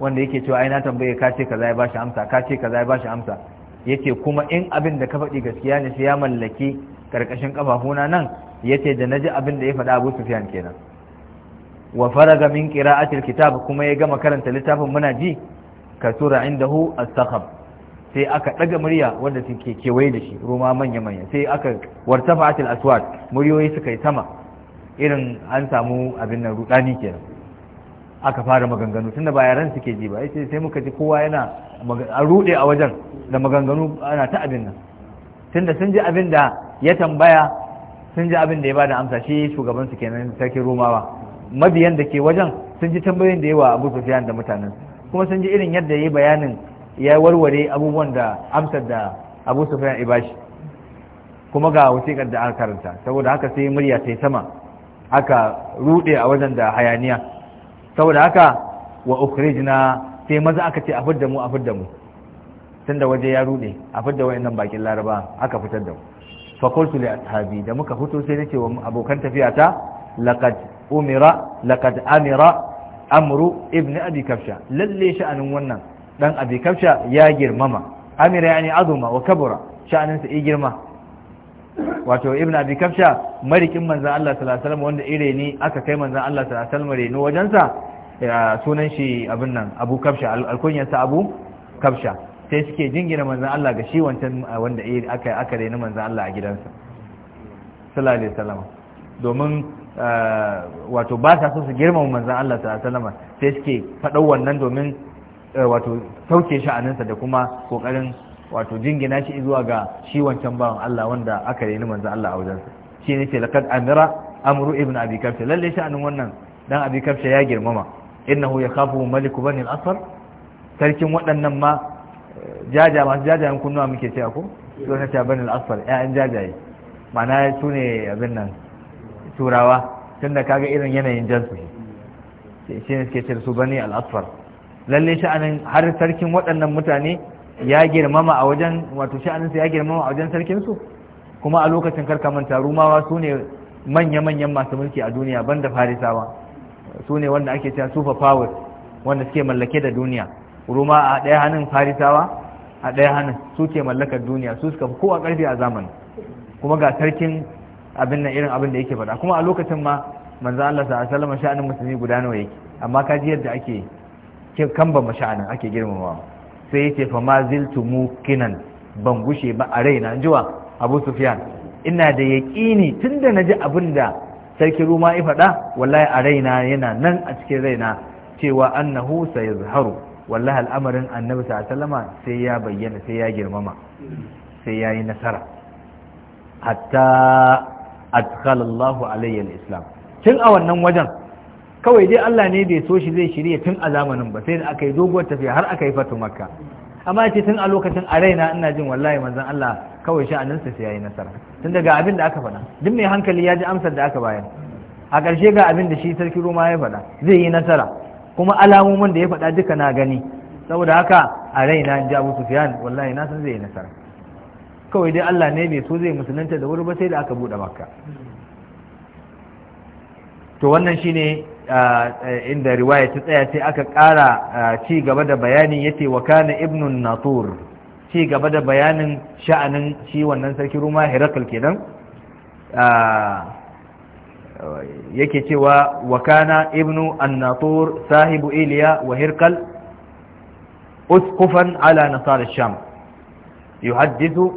wanda yake cewa ai na tambaye ka ce kaza ba shi amsa ka ce kaza ba shi amsa yace kuma in abin da ka faɗi gaskiya ne sai ya mallaki karkashin kafafuna nan ya ce da na ji abin da ya faɗa Abu sufiyan kenan wa faraga min qira'atil kitab kuma ya gama karanta littafin muna ji kasura indahu as-sakhab sai aka ɗaga murya wanda suke kewaye da shi roma manya manya sai aka warta atil aswad muryoyi suka yi sama irin an samu abin nan rudani kenan aka fara maganganu tunda ba yaran suke ji ba sai sai muka ji kowa yana a rude a wajen da maganganu ana ta abin nan tunda sun ji abin da ya tambaya sun ji abin da ya bada amsa shi shugaban su kenan sarki romawa mabiyan da ke wajen sun ji tambayoyin da yawa abu sufyan da mutanen kuma sun ji irin yadda ya yi bayanin ya warware abubuwan da amsar da abu sufyan ibashi kuma ga wasiƙar da aka karanta saboda haka sai murya sai sama aka rude a wajen da hayaniya saboda haka wa na sai maza aka ce a fidda mu a fidda mu da waje ya rude a fidda wayannan bakin laraba aka fitar da mu fa qultu li ashabi da muka fito sai nace wa abokan tafiya ta laqad umira laqad amira amru ibn abi kafsha lalle sha'anin wannan dan abi kafsha ya girmama amira yani azuma wa kabura sha'aninsa ya girma wato ibn abi kafsha marikin manzan Allah sallallahu alaihi wasallam wanda ire ni aka kai manzan Allah sallallahu alaihi wasallam reno wajensa sunan shi abin nan abu kabsha alkunyarsa abu kafsha sai suke jingina manzan Allah ga shi wancan wanda aka aka reni manzan Allah a gidansa sallallahu alaihi wasallam domin wato ba sa so su girmama manzan Allah sallallahu alaihi wasallam sai suke faɗau wannan domin Eh, wato sauke sha'aninsa da kuma kokarin wato jingina shi zuwa ga shi wancan bawan Allah wanda aka ni manzo Allah a wajensa shi ne ce laqad amira amru ibn abi kafsha lalle sha'anin wannan dan abi kafsha ya girmama innahu yakhafu maliku bani al-asr sarkin waɗannan ma eh, jaja masu jajayen kunnuwa muke cewa ko to na ta bani al-asr ƴaƴan jajaye ma'ana su ne abin nan turawa tunda kaga irin yanayin jansu shi ne suke ce su bani al asr lalle sha'anin har sarkin waɗannan mutane ya girmama a wajen wato sha'aninsu ya girmama a wajen sarkinsu kuma a lokacin karka manta rumawa su ne manya-manyan masu mulki a duniya banda farisawa su ne wanda ake cewa super powers wanda suke mallake da duniya ruma a ɗaya hannun farisawa a ɗaya hannun su ke mallakar duniya su suka fi kowa ƙarfi a zamani kuma ga sarkin abin nan irin abin da yake faɗa kuma a lokacin ma manzo Allah sallallahu alaihi wasallam sha'anin musulmi guda nawa yake amma kaji yadda ake kin kan ba masha'anin ake girmama sai yace fa ma ziltu mukinan ban gushe ba a raina jiwa Abu Sufyan ina da yaƙini tunda naji abin da sarki Ruma ya faɗa wallahi a raina yana nan a cikin raina cewa annahu sayazharu wallahi al'amarin annabi wasallam sai ya bayyana sai ya girmama sai yayi nasara hatta Allahu alayhi al-islam tun a wannan wajen kawai dai Allah ne bai so shi zai shirya tun a zamanin ba sai da aka yi doguwar tafiya har aka yi fatu makka amma ce tun a lokacin a raina ina jin wallahi manzon Allah kawai annansa sai yayi nasara tun daga abin da aka faɗa duk mai hankali ya ji amsar da aka bayar a ƙarshe ga abin da shi sarki Roma ya faɗa zai yi nasara kuma alamomin da ya faɗa duka na gani saboda haka a raina in ji Abu Sufyan wallahi na san zai yi nasara kawai dai Allah ne bai so zai musulunta da wuri ba sai da aka buɗe makka to wannan shine inda riwaya ta tsaya sai aka ƙara ci gaba da bayanin yace wa kana ibnun natur ci gaba da bayanin sha'anin shi wannan sarki ruma herakl kenan yake cewa wa kana ibnu an-natur sahibu iliya wa Uskufan, usqufan ala nasar sham yuhaddithu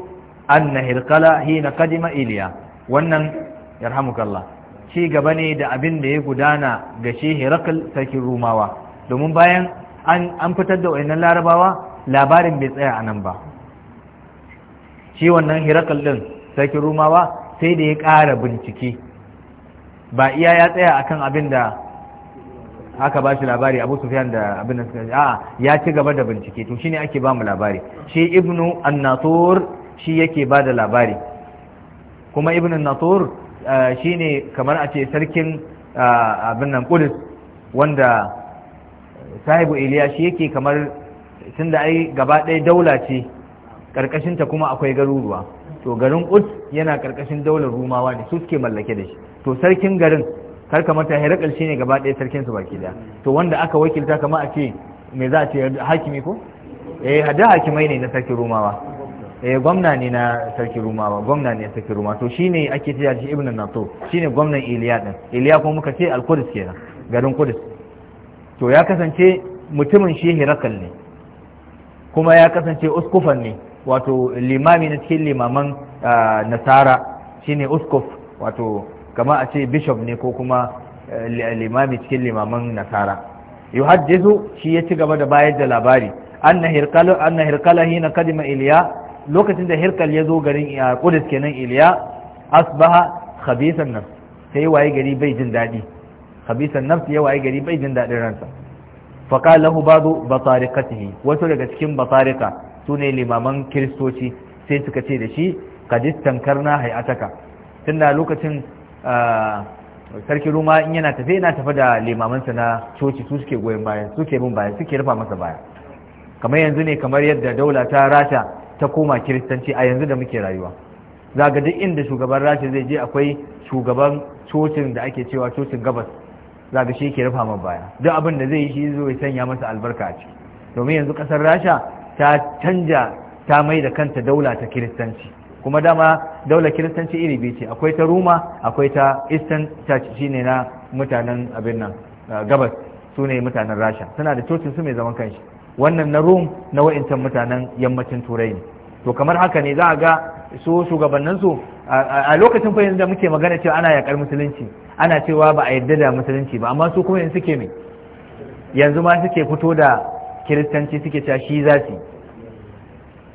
anna hirkala hina kadima iliya wannan yarhamukallah ci gaba ne da abin da ya gudana ga shi herakl sarkin rumawa domin bayan an fitar da wayannan larabawa labarin bai tsaya a nan ba shi wannan herakl din sarkin rumawa sai da ya ƙara bincike ba iya ya tsaya akan abin da aka ba shi labari abu sufyan da abin da suka a ya ci gaba da bincike to shine ake ba mu labari shi ibnu an shi yake ba da labari kuma ibnu an shine kamar a ce sarkin abin nan kudus wanda sahibu iliya shi yake kamar tun da ai gaba ɗaya daula ce ƙarƙashinta kuma akwai garuruwa to garin ud yana ƙarƙashin daular rumawa ne su suke mallake da shi to sarkin garin kar kamar ta herakal shi ne gaba ɗaya sarkin su baki da to wanda aka wakilta kama a ce me za a ce hakimi ko eh hada hakimai ne na sarkin rumawa eh gwamna ne na sarki rumawa gwamna ne sarki ruma to shine ake cewa shi ibn nato shine gwamnan iliya din iliya kuma muka ce al-qudus kenan garin qudus to ya kasance mutumin shi hirakal ne kuma ya kasance uskufan ne wato limami na cikin limaman nasara shine uskuf wato kama a ce bishop ne ko kuma eh, limami cikin limaman nasara yuhaddisu shi ya ci gaba da bayar da labari anna na anna hirqala hina kadima iliya lokacin da hirkal ya zo garin a kudus kenan iliya asbaha khabisan nafs sai waye gari bai jin daɗi khabisan nafs ya waye gari bai jin dadin ransa fa qala lahu ba'du basariqatihi wato daga cikin basarika sune limaman kiristoci sai suka ce da shi kadistan karna hayataka tunda lokacin sarki ruma in yana tafe yana tafe da limamansa na coci su suke goyon bayan suke bin bayan suke rufa masa baya kamar yanzu ne kamar yadda daula ta rata ta koma kiristanci a yanzu da muke rayuwa zaga inda shugaban rashin zai je akwai shugaban cocin da ake cewa cocin gabas zaga shi ke rufa min baya duk abin da zai yi shi zo ya sanya masa albarka a ciki domin yanzu kasar rasha ta canja ta mai da kanta daula ta kiristanci kuma dama daular kiristanci iri biyu ce akwai ta ruma akwai ta eastern church shine na mutanen abin nan gabas su ne mutanen rasha suna da cocin su mai zaman kanshi wannan na rum na wa'incan mutanen yammacin turai ne to kamar haka ne za a ga su shugabannin su a lokacin fa yanzu da muke magana cewa ana yakar musulunci ana cewa ba a yarda da musulunci ba amma su kuma yanzu suke me yanzu ma suke fito da kiristanci suke cewa shi za su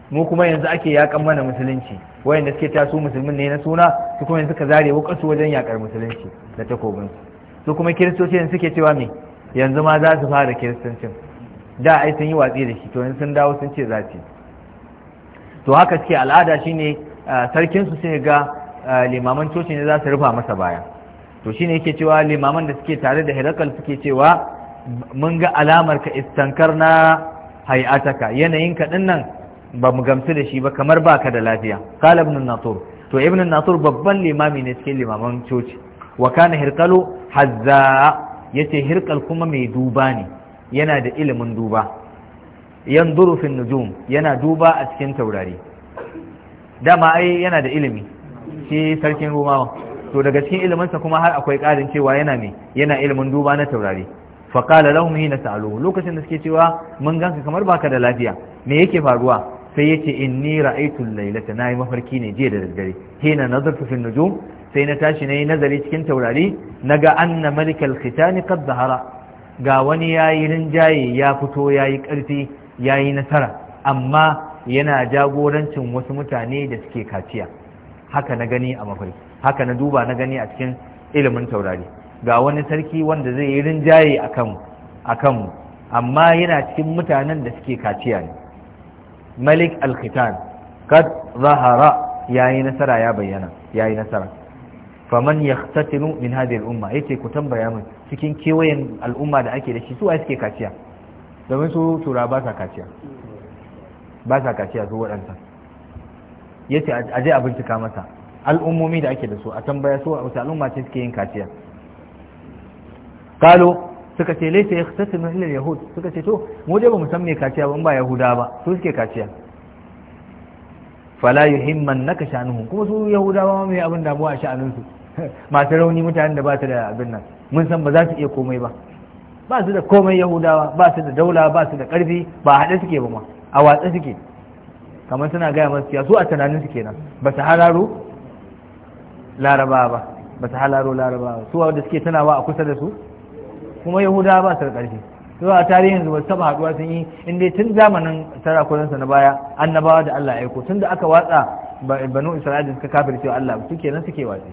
mu kuma yanzu ake yakan mana musulunci wayanda suke ta su musulmin ne na suna su kuma yanzu ka zare wukansu wajen yakar musulunci da takobin su kuma kiristoci yanzu suke cewa me yanzu ma za su fara kiristancin da ai sun yi watsi da shi to sun dawo sun ce za to haka suke al'ada shine sarkin su sai ga limaman coci ne za su rufa masa baya to shine yake cewa limaman da suke tare da hirakal suke cewa mun ga alamar ka istankar na hay'ataka yanayin ka nan ba mu gamsu da shi ba kamar baka da lafiya qala ibn an-natur to ibn an babban limami ne cikin limaman coci wa kana hirqalu hazza yace hirqal kuma mai duba ne yana da ilimin duba Yan durufin nujum yana duba a cikin taurari dama ai yana da ilimi shi sarkin rumawa to daga cikin iliminsa kuma har akwai ƙarin cewa yana ne yana ilimin duba na taurari faƙala lahum hina sa'alu lokacin da suke cewa mun ganka kamar baka da lafiya me yake faruwa sai yace inni ra'aytu laylata nayi mafarki ne jiya da daddare hina nazartu fil nujum sai na tashi nayi nazari cikin taurari naga anna malikal khitan qad zahara ga wani ya yi rinjaye ya fito ya yi ƙarfi ya yi nasara amma yana jagorancin wasu mutane da suke kaciya haka na gani a mafari haka na duba na gani a cikin ilimin taurari ga wani sarki wanda zai yi rinjaye a kanmu amma yana cikin mutanen da suke kaciya ne malik alkhitan kad zahara ya yi nasara ya bayyana ya yi nasara faman tattalin min hadhihi al'umma, ya ce ku tambaya min cikin kewayen al'umma da ake da shi su ai suke kaciya domin su tura ba sa kaciya ba sa kaciya su waɗanta ce a je a bincika masa al'ummomi da ake da su a tambaya su a al'umma ce suke yin kaciya kalo suka ce laifin ya tattalin tunan ilil yahud suka ce to mu dai ba mu san kaciya ba ba yahuda ba su suke kaciya fala yuhimman naka sha'anuhum kuma su yahudawa ma mai abin damuwa a sha'aninsu (laughs) masu rauni mutanen da ba su da abin nan mun san ba za su iya komai ba ba su da komai yahudawa ba su da daula ba su da karfi ba haɗe suke ba ma a watsa suke kamar suna gaya masu ya su a tunanin su kenan ba su hararo laraba ba ba su hararo laraba ba su wanda suke tunawa a kusa da su kuma yahudawa ba su da karfi su a tarihin zuwa saba haɗuwa sun yi inda tun zamanin sarakunansa na baya annabawa da Allah ya aiko tun da aka watsa banu isra'ila suka kafirce Allah su kenan suke watsi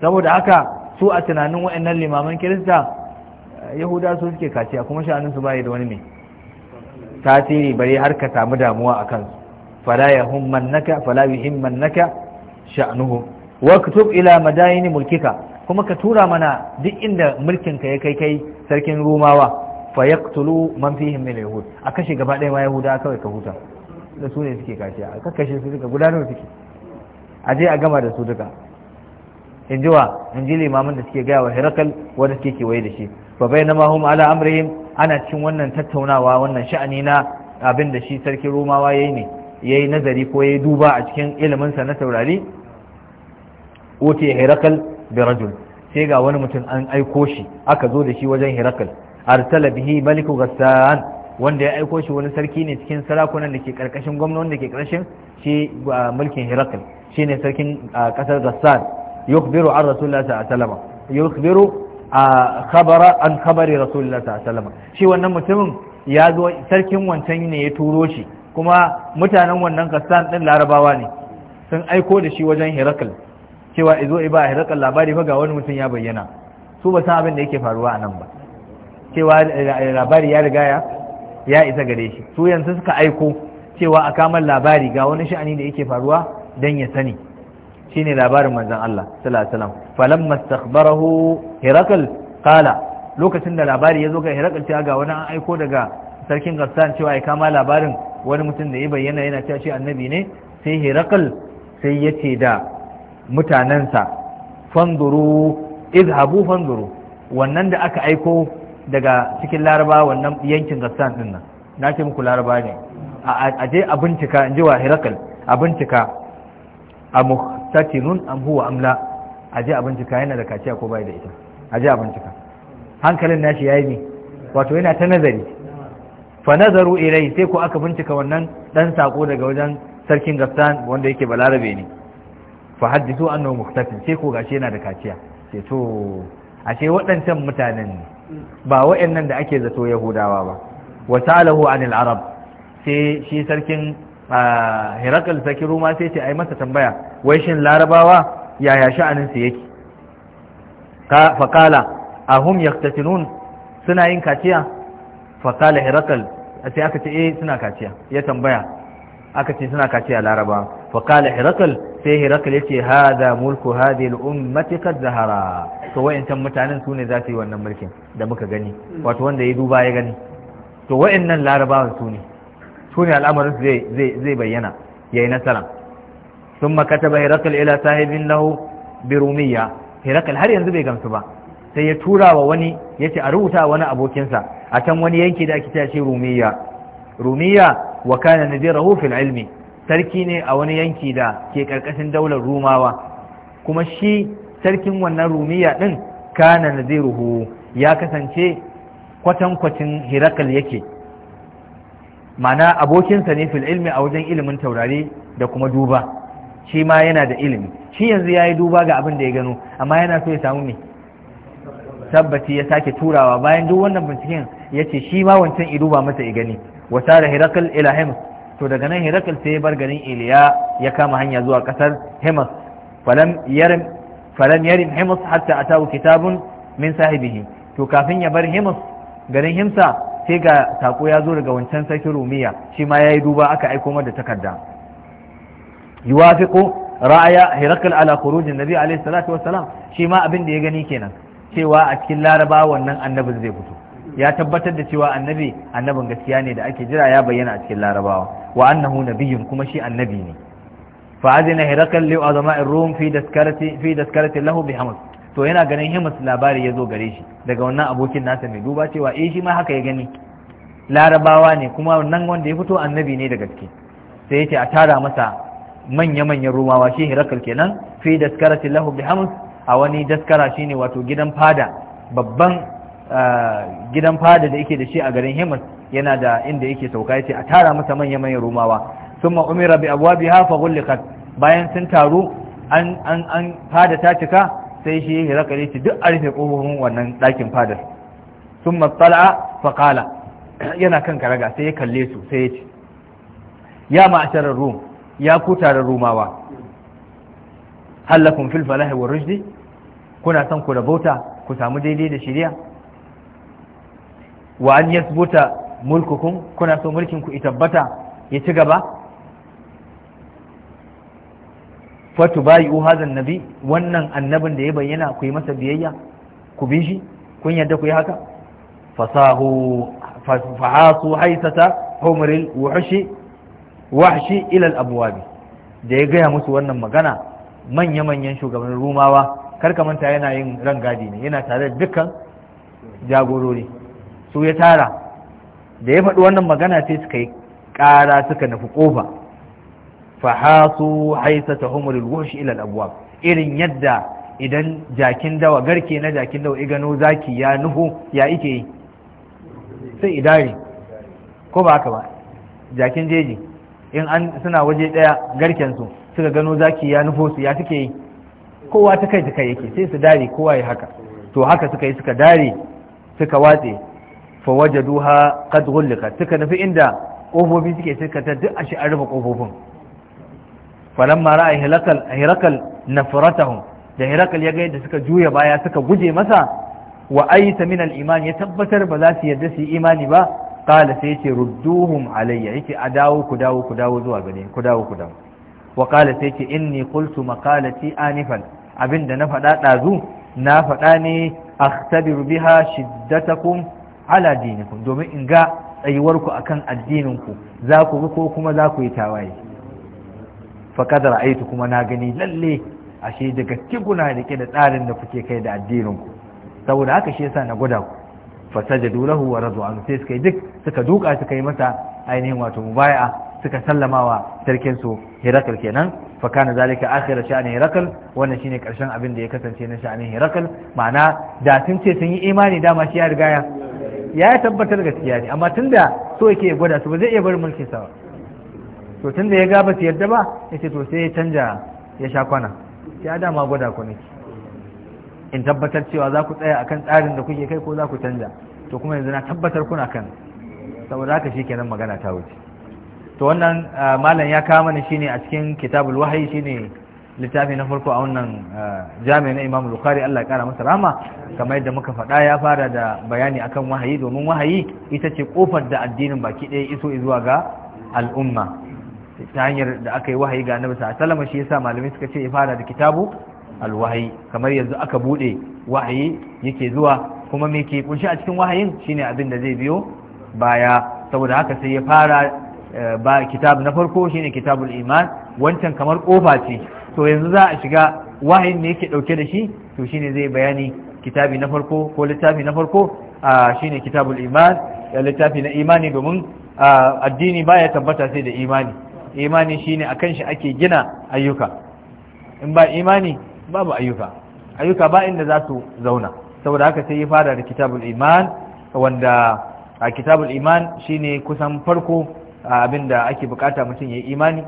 saboda haka su a tunanin wa'annan limaman kirista yahuda su suke kaciya kuma sha'anin su bayi da wani ne tasiri bare har ka samu damuwa a kansu fala yahimmannaka fala sha'anuhu wa kutub ila madayin mulkika kuma ka tura mana duk inda mulkin ka ya kai kai sarkin rumawa fa yaqtulu man fihim min yahud a kashe gaba ɗaya ma yahuda kawai ka huta da su ne suke kaciya a kakkashe su suka gudanar suke a je a gama da su duka in ji wa in ji limamin da suke gaya wa herakal wanda suke kewaye da shi bai na hum ala amrihim ana cin wannan tattaunawa wannan sha'ani na abin da shi sarkin romawa yayi ne yayi nazari ko ya yi duba a cikin ilimin sa na saurari uti herakal bi rajul sai ga wani mutum an aiko shi aka zo da shi wajen herakal arsala bihi maliku ghassan wanda ya aiko shi wani sarki ne cikin sarakunan da ke karkashin gwamnatin da ke karkashin shi mulkin herakal ne sarkin kasar ghassan صلى an عليه وسلم يخبر خبر عن خبر an الله صلى الله عليه وسلم shi wannan mutumin ya zo sarkin wancan ne ya turo shi kuma mutanen wannan kasan din larabawa ne sun aiko da shi wajen herakl cewa izo iba herakl labari fa ga wani mutum ya bayyana su ba san abin da yake faruwa anan ba cewa eh, labari ya riga ya isa gare shi su yanzu suka aiko cewa a kamar labari ga wani sha'ani da yake faruwa dan ya sani shine labarin manzon Allah sallallahu alaihi wasallam falamma istakhbarahu hirakal qala lokacin da labari ya zo ga hirakal ta ga wani an aiko daga sarkin gassan cewa ya kama labarin wani mutum da ya bayyana yana cewa shi annabi ne sai hirakal sai ya ce da mutanensa fanduru izhabu fanduru wannan da aka aiko daga cikin laraba wannan yankin gassan din nan na ce muku laraba ne a je a bincika in ji wa hirakal a bincika a nun am huwa amla a je a bincika yana da kaciya ko bai da ita a je a bincika hankalin nashi yayi ne wato yana ta nazari fa nazaru ilai sai ko aka bincika wannan dan sako daga wajen sarkin gaftan wanda yake balarabe ne fa hadithu annahu muhtatin sai ko gashi yana da kaciya sai to ashe waɗancan mutanen ne ba wa'annan da ake zato yahudawa ba wasalahu anil arab sai shi sarkin hirakal sakiru ma sai ce ai masa tambaya wai shin larabawa yaya sha'anin su yake ka faqala ahum yaqtatilun suna yin kaciya faqala hirakal sai aka ce eh suna kaciya ya tambaya aka ce suna kaciya larabawa faqala hirakal sai hirakal yace hada mulku hadi al-ummati kad zahara to wayancan mutanen su ne za su yi wannan mulkin da muka gani wato wanda ya duba ya gani to nan larabawa su ne su ne al'amarin zai bayyana ya yi nasara sun makata bai rakal ila sahibin lahu birumiya hirakal har yanzu bai gamsu ba sai ya tura wa wani ya ce a rubuta wani abokinsa a can wani yanki da ake tashi rumiya rumiya wa kana nadirahu fil ilmi sarki ne a wani yanki da ke karkashin daular rumawa kuma shi sarkin wannan rumiya din kana nadiruhu ya kasance kwatankwacin hirakal yake ma'ana abokinsa ne fil ilmi a wajen ilimin taurari da kuma duba shi ma yana da ilimi shi yanzu ya yi duba ga abin da ya gano amma yana so ya samu ne tabbaci ya sake turawa bayan duk wannan binciken ya ce shi ma wancan ya duba masa ya gani wata da hirakal ila to daga nan hirakal sai ya bar garin iliya ya kama hanya zuwa kasar hemas falam yarim falam yarim a hatta atahu kitabun min sahibihi to kafin ya bar hemas garin himsa sai ga sako ya zo daga wancan sarkin rumiya shi ma ya yi duba aka aiko mada takarda yuwafiqu ra'aya hirakal ala khurujin nabi alaihi salatu wassalam shi ma abin da ya gani kenan cewa a cikin laraba wannan annabin zai fito ya tabbatar da cewa annabi annabin gaskiya ne da ake jira ya bayyana a cikin larabawa wa annahu nabiyyun kuma shi annabi ne fa azina hirakal li azama'ir rum fi daskarati fi daskarati lahu bi hamas to yana ganin himus labari ya zo gare shi daga wannan abokin nasa mai duba cewa eh shi ma haka ya gani larabawa ne kuma nan wanda ya fito annabi ne da gaske sai yace a tara masa manya-manyan rumawa shi hirakal kenan fi daskara lahu bi hamus a wani daskara shine wato gidan fada babban ah, gidan fada da yake da shi a garin himus yana da inda yake sauka yace a tara masa manya-manyan rumawa summa umira bi abwabiha fa ghulqat bayan sun taru an an an fada ta cika sai shi ya hirakali shi duk a rufe ƙofofin wannan ɗakin fadar sun matsala faƙala (clears throat) yana kan karaga sai ya kalle su sai ya ce ya ma'asharar rum ya ku taron rumawa hallakun fil falahi wa rushdi kuna son ku rabauta ku samu daidai da shirya wa an yasbuta mulkukum kuna so mulkin ku itabbata ya ci gaba fatu bayi hazan nabi wannan annabin da ya bayyana ku yi masa biyayya ku bi shi kun yadda ku yi haka fasahu fahasu haisata humril wuhushi wahshi ila al-abwabi da ya gaya musu wannan magana manya-manyan shugabannin rumawa kar ka manta yana yin rangadi ne yana tare da dukkan jagorori su ya tara da ya faɗi wannan magana sai suka yi ƙara suka nufi ƙofa fahasu haisa ta humurul wush ila al irin yadda idan jakin dawa garke na jakin dawa igano zaki ya nuhu ya ike yi sai idari ko ba haka ba jakin jeji in an suna waje daya garken su suka gano zaki ya nufo su ya suke yi kowa ta kai ta kai yake sai su dare kowa ya haka to haka suka yi suka dare suka watse fa wajaduha qad ghulqat suka nufi inda kofofi suke suka ta duk a shi an rufe kofofin falamma ra'a hilakal hirakal nafratahum da hirakal ya ga yadda suka juya baya suka guje masa wa aita min al-iman ya tabbatar ba za su yarda su imani ba qala sai yace rudduhum alayya yace a dawo ku dawo ku dawo zuwa gare ku dawo ku dawo wa qala sai yace inni qultu maqalati anifan abinda na faɗa ɗazu na faɗa ne akhtabiru biha shiddatakum ala dinikum domin in ga tsayuwarku akan addininku za ku bi ko kuma za ku yi tawaye faqad ra'aytu kuma na gani lalle ashe daga kiguna ke da tsarin da kuke kai da addinin ku saboda haka shi yasa na gwada ku fasajadu dulahu wa razu an sai suka yi duk suka duka suka yi masa ainihin wato mu mubaya suka sallamawa sarkin su Herakl kenan fa kana zalika akhir sha'ani hirakal wannan shine karshen abin da ya kasance na sha'anin Herakl ma'ana da sun ce sun yi imani dama shi ya riga ya ya tabbatar gaskiya ne amma tunda so yake gwada su ba zai iya barin mulkin sa ba to tun da ya gaba su yadda ba ya ce to sai ya canja ya sha kwana ya dama gwada ku nake in tabbatar cewa za ku tsaya akan tsarin da kuke kai ko za ku canja to kuma yanzu na tabbatar kuna kan saboda haka shi kenan magana ta wuce to wannan malam ya kawo mana shine a cikin kitabul wahayi shine littafi na farko a wannan jami'a na imam bukhari Allah ya kara masa rahama kamar yadda muka faɗa ya fara da bayani akan wahayi domin wahayi ita ce kofar da addinin baki ɗaya iso zuwa ga al'umma ta hanyar da aka yi wahayi ga annabi sallallahu alaihi wasallam shi yasa malamai suka ce ya fara da kitabu alwahi kamar yanzu aka bude wahayi yake zuwa kuma me ke kunshi a cikin wahayin shine abin da zai biyo baya saboda haka sai ya fara eh, ba kitab na farko shine kitabul iman wancan kamar kofa ce to yanzu za a shiga wahayin ne yake dauke da shi to shine zai bayani kitabi na farko ko littafi na farko shine kitabul iman littafi na imani domin addini baya tabbata sai da imani imani shine akan shi ake gina ayyuka in ba imani babu ayyuka ayyuka ba inda za su zauna saboda haka sai ya fara da kitabul iman wanda a kitabul iman shine kusan farko abinda ake bukata mutum ya yi imani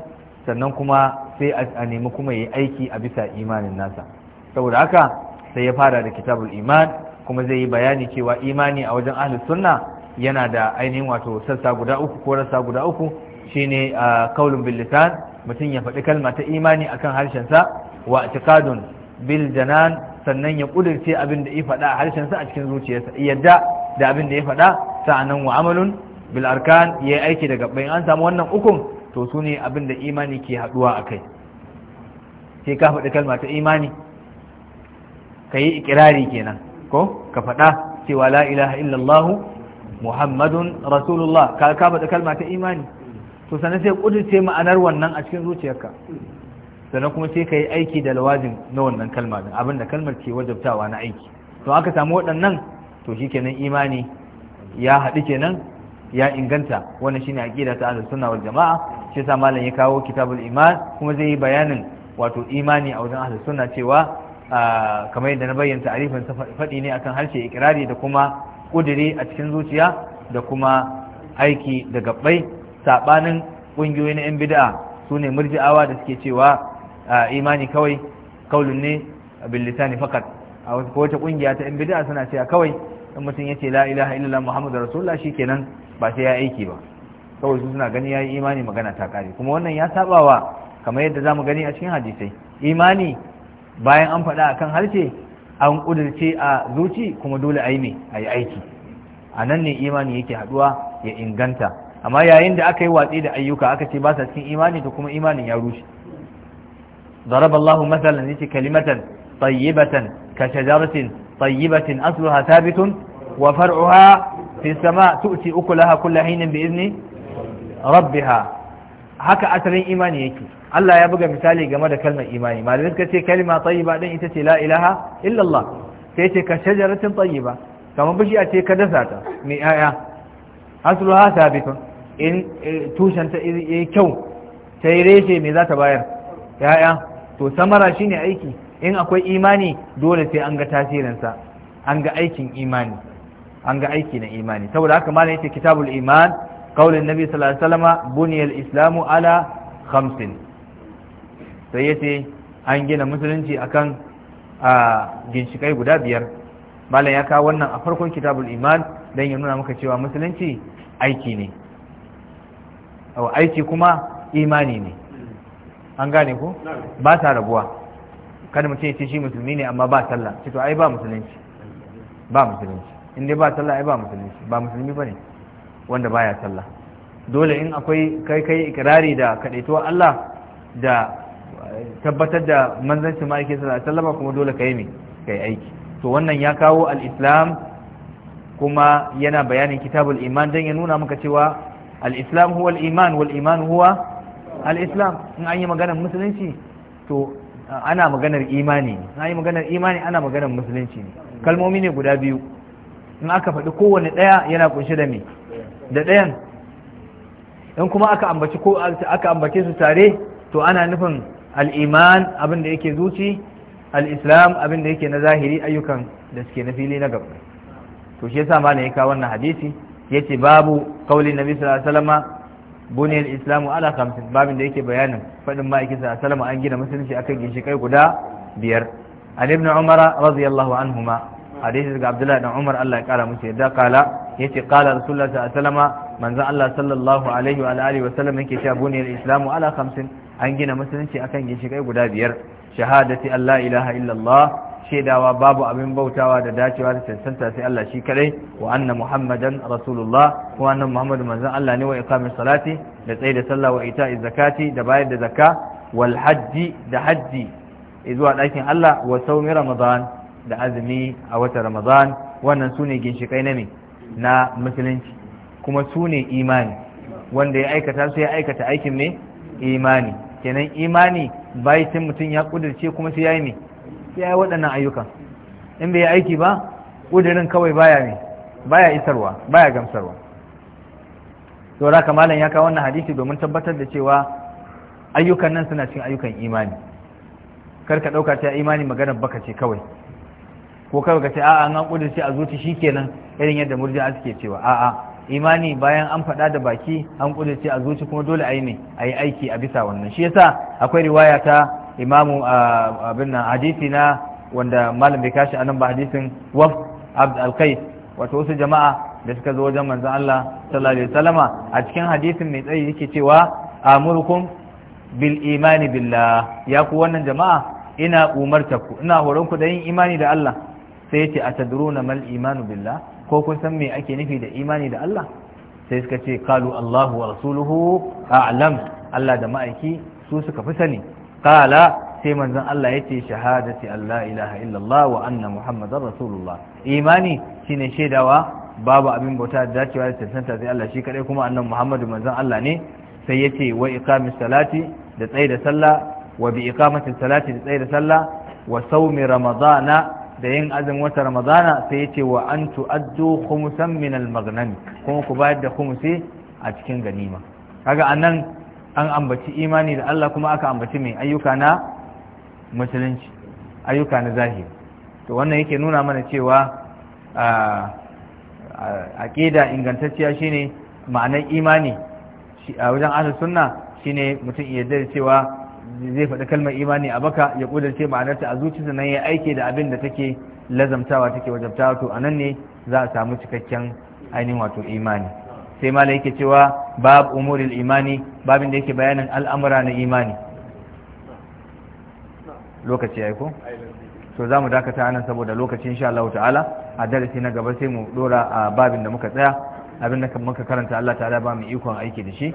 sannan kuma sai a nemi kuma ya yi aiki a bisa imanin nasa saboda haka sai ya fara da kitabul iman kuma zai yi bayani cewa imani a wajen ahlus sunna yana da ainihin wato sassa guda uku ko rassa guda uku shine kaulun billisan mutum ya faɗi kalma ta imani akan harshensa wa i'tiqadun bil janan sannan ya ƙudurce abin da ya faɗa a harshensa a cikin zuciyarsa yadda da abin da ya faɗa sa'annan wa amalun bil arkan ya aiki daga bayan an samu wannan ukun to su ne abin da imani ke haɗuwa a kai sai ka faɗi kalma ta imani ka yi ikirari kenan ko ka faɗa cewa la ilaha illallah muhammadun rasulullah ka ka faɗi kalma ta imani to sannan sai kudurce ma'anar wannan a cikin zuciyarka sannan kuma sai ka yi aiki da lawazin na wannan kalma din abin da kalmar ke wajabtawa na aiki to aka samu waɗannan to kenan imani ya haɗu kenan ya inganta wannan shine aqida ta ahlus sunna wal jamaa shi sa malam ya kawo kitabul iman kuma zai yi bayanin wato imani a wajen ahlus sunna cewa kamar yadda na bayyana ta'arifin faɗi ne akan harshe ikirari da kuma kudiri a cikin zuciya da kuma aiki da gabbai sabanin ƙungiyoyi na 'yan bida'a su ne murji'awa da suke cewa imani kawai kaulun ne a lisani fakat a wasu kowace ƙungiya ta 'yan bid'a suna cewa kawai in mutum ya ce la ilaha illallah muhammadu rasulullah shikenan ba sai ya aiki ba kawai su suna gani yi imani magana ta kare kuma wannan ya sabawa kamar yadda za mu gani a cikin hadisai imani bayan an faɗa kan harshe an ƙudurce a zuci kuma dole a yi ne a yi aiki a nan ne imani yake haɗuwa ya inganta amma yayin da aka yi watsi da ayyuka aka ce ba sa cikin imani to kuma imanin ya rushe ضرب الله مثلا نتي كلمة طيبة كشجرة طيبة أصلها ثابت وفرعها في السماء تؤتي أكلها كل حين بإذن ربها haka asalin imani yake Allah ya buga misali game da kalmar imani malamai suka ce kalma tayyiba din ita ce la ilaha illallah sai ce ka shajaratin tayyiba kamar bishiya ce ka dasa ta mai sabitun in eh, tushen ta yi kyau ta yi reshe mai za ta bayar ya'ya to samara shine aiki in akwai imani dole sai an ga tasirinsa an ga aikin imani an ga aiki na imani saboda haka malam yace kitabul iman qaulin nabi sallallahu alaihi wasallam buniyal islamu ala khamsin sai yace an gina musulunci akan a ginshikai guda biyar malam ya kawo wannan a farkon kitabul iman dan ya nuna maka cewa musulunci aiki ne aiki kuma imani ne an gane ku ba ta rabuwa kada mu ce shi musulmi ne amma ba sallah ce to ai ba musulunci ba musulunci in dai ba sallah ai ba musulunci ba musulmi bane wanda baya sallah dole in akwai kai kai ikrari da kadaituwa Allah da tabbatar da manzancin ma yake sallah sallama kuma dole kai ne kai aiki to wannan ya kawo al-islam kuma yana bayanin kitabul iman dan ya nuna maka cewa Al'islam islam huwa al-iman huwa in an yi maganar musulunci to uh, ana maganar imani ne in an yi maganar imani ana maganar musulunci ne kalmomi ne guda biyu in aka faɗi kowane ɗaya yana kunshe da me da ɗayan in kuma aka ambaci ko aka ambace su tare to ana nufin al'iman abin da yake zuci al-islam abin da yake na zahiri ayyukan da suke na fili na gaba to shi yasa malam ya kawo wannan hadisi yace babu kawulin nabi sallallahu alaihi buniyar islamu ala kamsin babin da yake bayanin faɗin ma'aikin sallallahu alaihi wasallam an gina musulunci akan ginshikai guda biyar an umar umara radiyallahu anhuma hadisi daga abdullahi dan umar Allah ya kara musu yadda kala yace kala rasulullah sallallahu alaihi wasallam manzon Allah sallallahu alaihi wa alihi wasallam yake cewa buniyar islamu ala kamsin an gina musulunci akan ginshikai guda biyar shahadati an la ilaha illallah shaidawa babu abin bautawa da dacewa da cancanta sai Allah shi kadai wa anna muhammadan rasulullah ko anna muhammadu manzon Allah ne wa iqamis salati da tsayi da sallah wa ita'iz zakati da bayar da zakka wal hajji da hajji zuwa dakin Allah wa saumi ramadan da azumi a wata ramadan wannan sune ginshikai na me na musulunci kuma sune imani wanda ya aikata su ya aikata aikin ne imani kenan imani bai mutum ya kudirce kuma sai yayi ne sai ya waɗannan ayyukan in bai yi aiki ba ƙudurin kawai baya ne baya isarwa baya gamsarwa to raka malam ya kawo wannan hadisi domin tabbatar da cewa ayyukan nan suna cikin ayyukan imani kar ka ɗauka ta imani maganar baka ce kawai ko kawai ka ce a'a an ƙudurci a zuci kenan irin yadda murjiya suke cewa a'a imani bayan an faɗa da baki an ƙudurci a zuci kuma dole a yi ne a yi aiki a bisa wannan shi yasa akwai riwaya ta imamu abin hadisi na wanda malam bai kashi anan ba hadisin waf abd kai wato wasu jama'a da suka zo wajen manzon Allah sallallahu alaihi wasallama a cikin hadisin mai tsayi yake cewa amurukum bil imani billah ya ku wannan jama'a ina umarta ku ina horon ku da yin imani da Allah sai yace atadruna mal imanu billah ko kun san me ake nufi da imani da Allah sai suka ce qalu Allahu wa rasuluhu a'lam Allah da ma'aiki su suka fi sani qala sai manzon Allah yace shahadati Allah ilaha illallah wa anna muhammadar rasulullah imani shine shaidawa babu abin bauta da dacewa da tantanta sai Allah shi kadai kuma annan muhammadu manzon Allah ne sai yace wa iqamis salati da tsayi da sallah wa bi iqamati salati da tsayi da sallah wa sawmi ramadana da yin azumin wata ramadana sai yace wa an tu'addu khumsan min al-maghnam kuma ku bayar da khumsi a cikin ganima kaga anan an ambaci imani da Allah kuma aka ambaci mai ayyuka na musulunci ayyuka na zahiri to wannan yake nuna mana cewa a aqida ingantacciya shine ma'anar imani a wajen ahlus sunna shine mutum ya yarda cewa zai faɗi kalmar imani a baka ya kudace ma'anarta a zuciyarsa nan ya aike da abin da take lazamtawa take wajabtawa to anan ne za a samu cikakken ainihin wato imani sai mala yake cewa bab umuril imani babin da yake bayanin al'amura na imani lokaci ya yi ko? so za mu dakata anan saboda lokaci insha Allah ta'ala a darasi na gaba sai mu dora a babin da muka tsaya abin da muka karanta Allah ta'ala ba mu ikon aiki da shi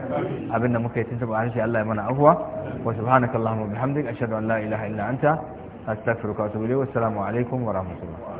abin da muka yi tun saboda shi Allah ya mana afwa wa subhanakallahumma bihamdika ashhadu an la ilaha illa anta astaghfiruka wa atubu ilayk wa assalamu alaikum wa rahmatullah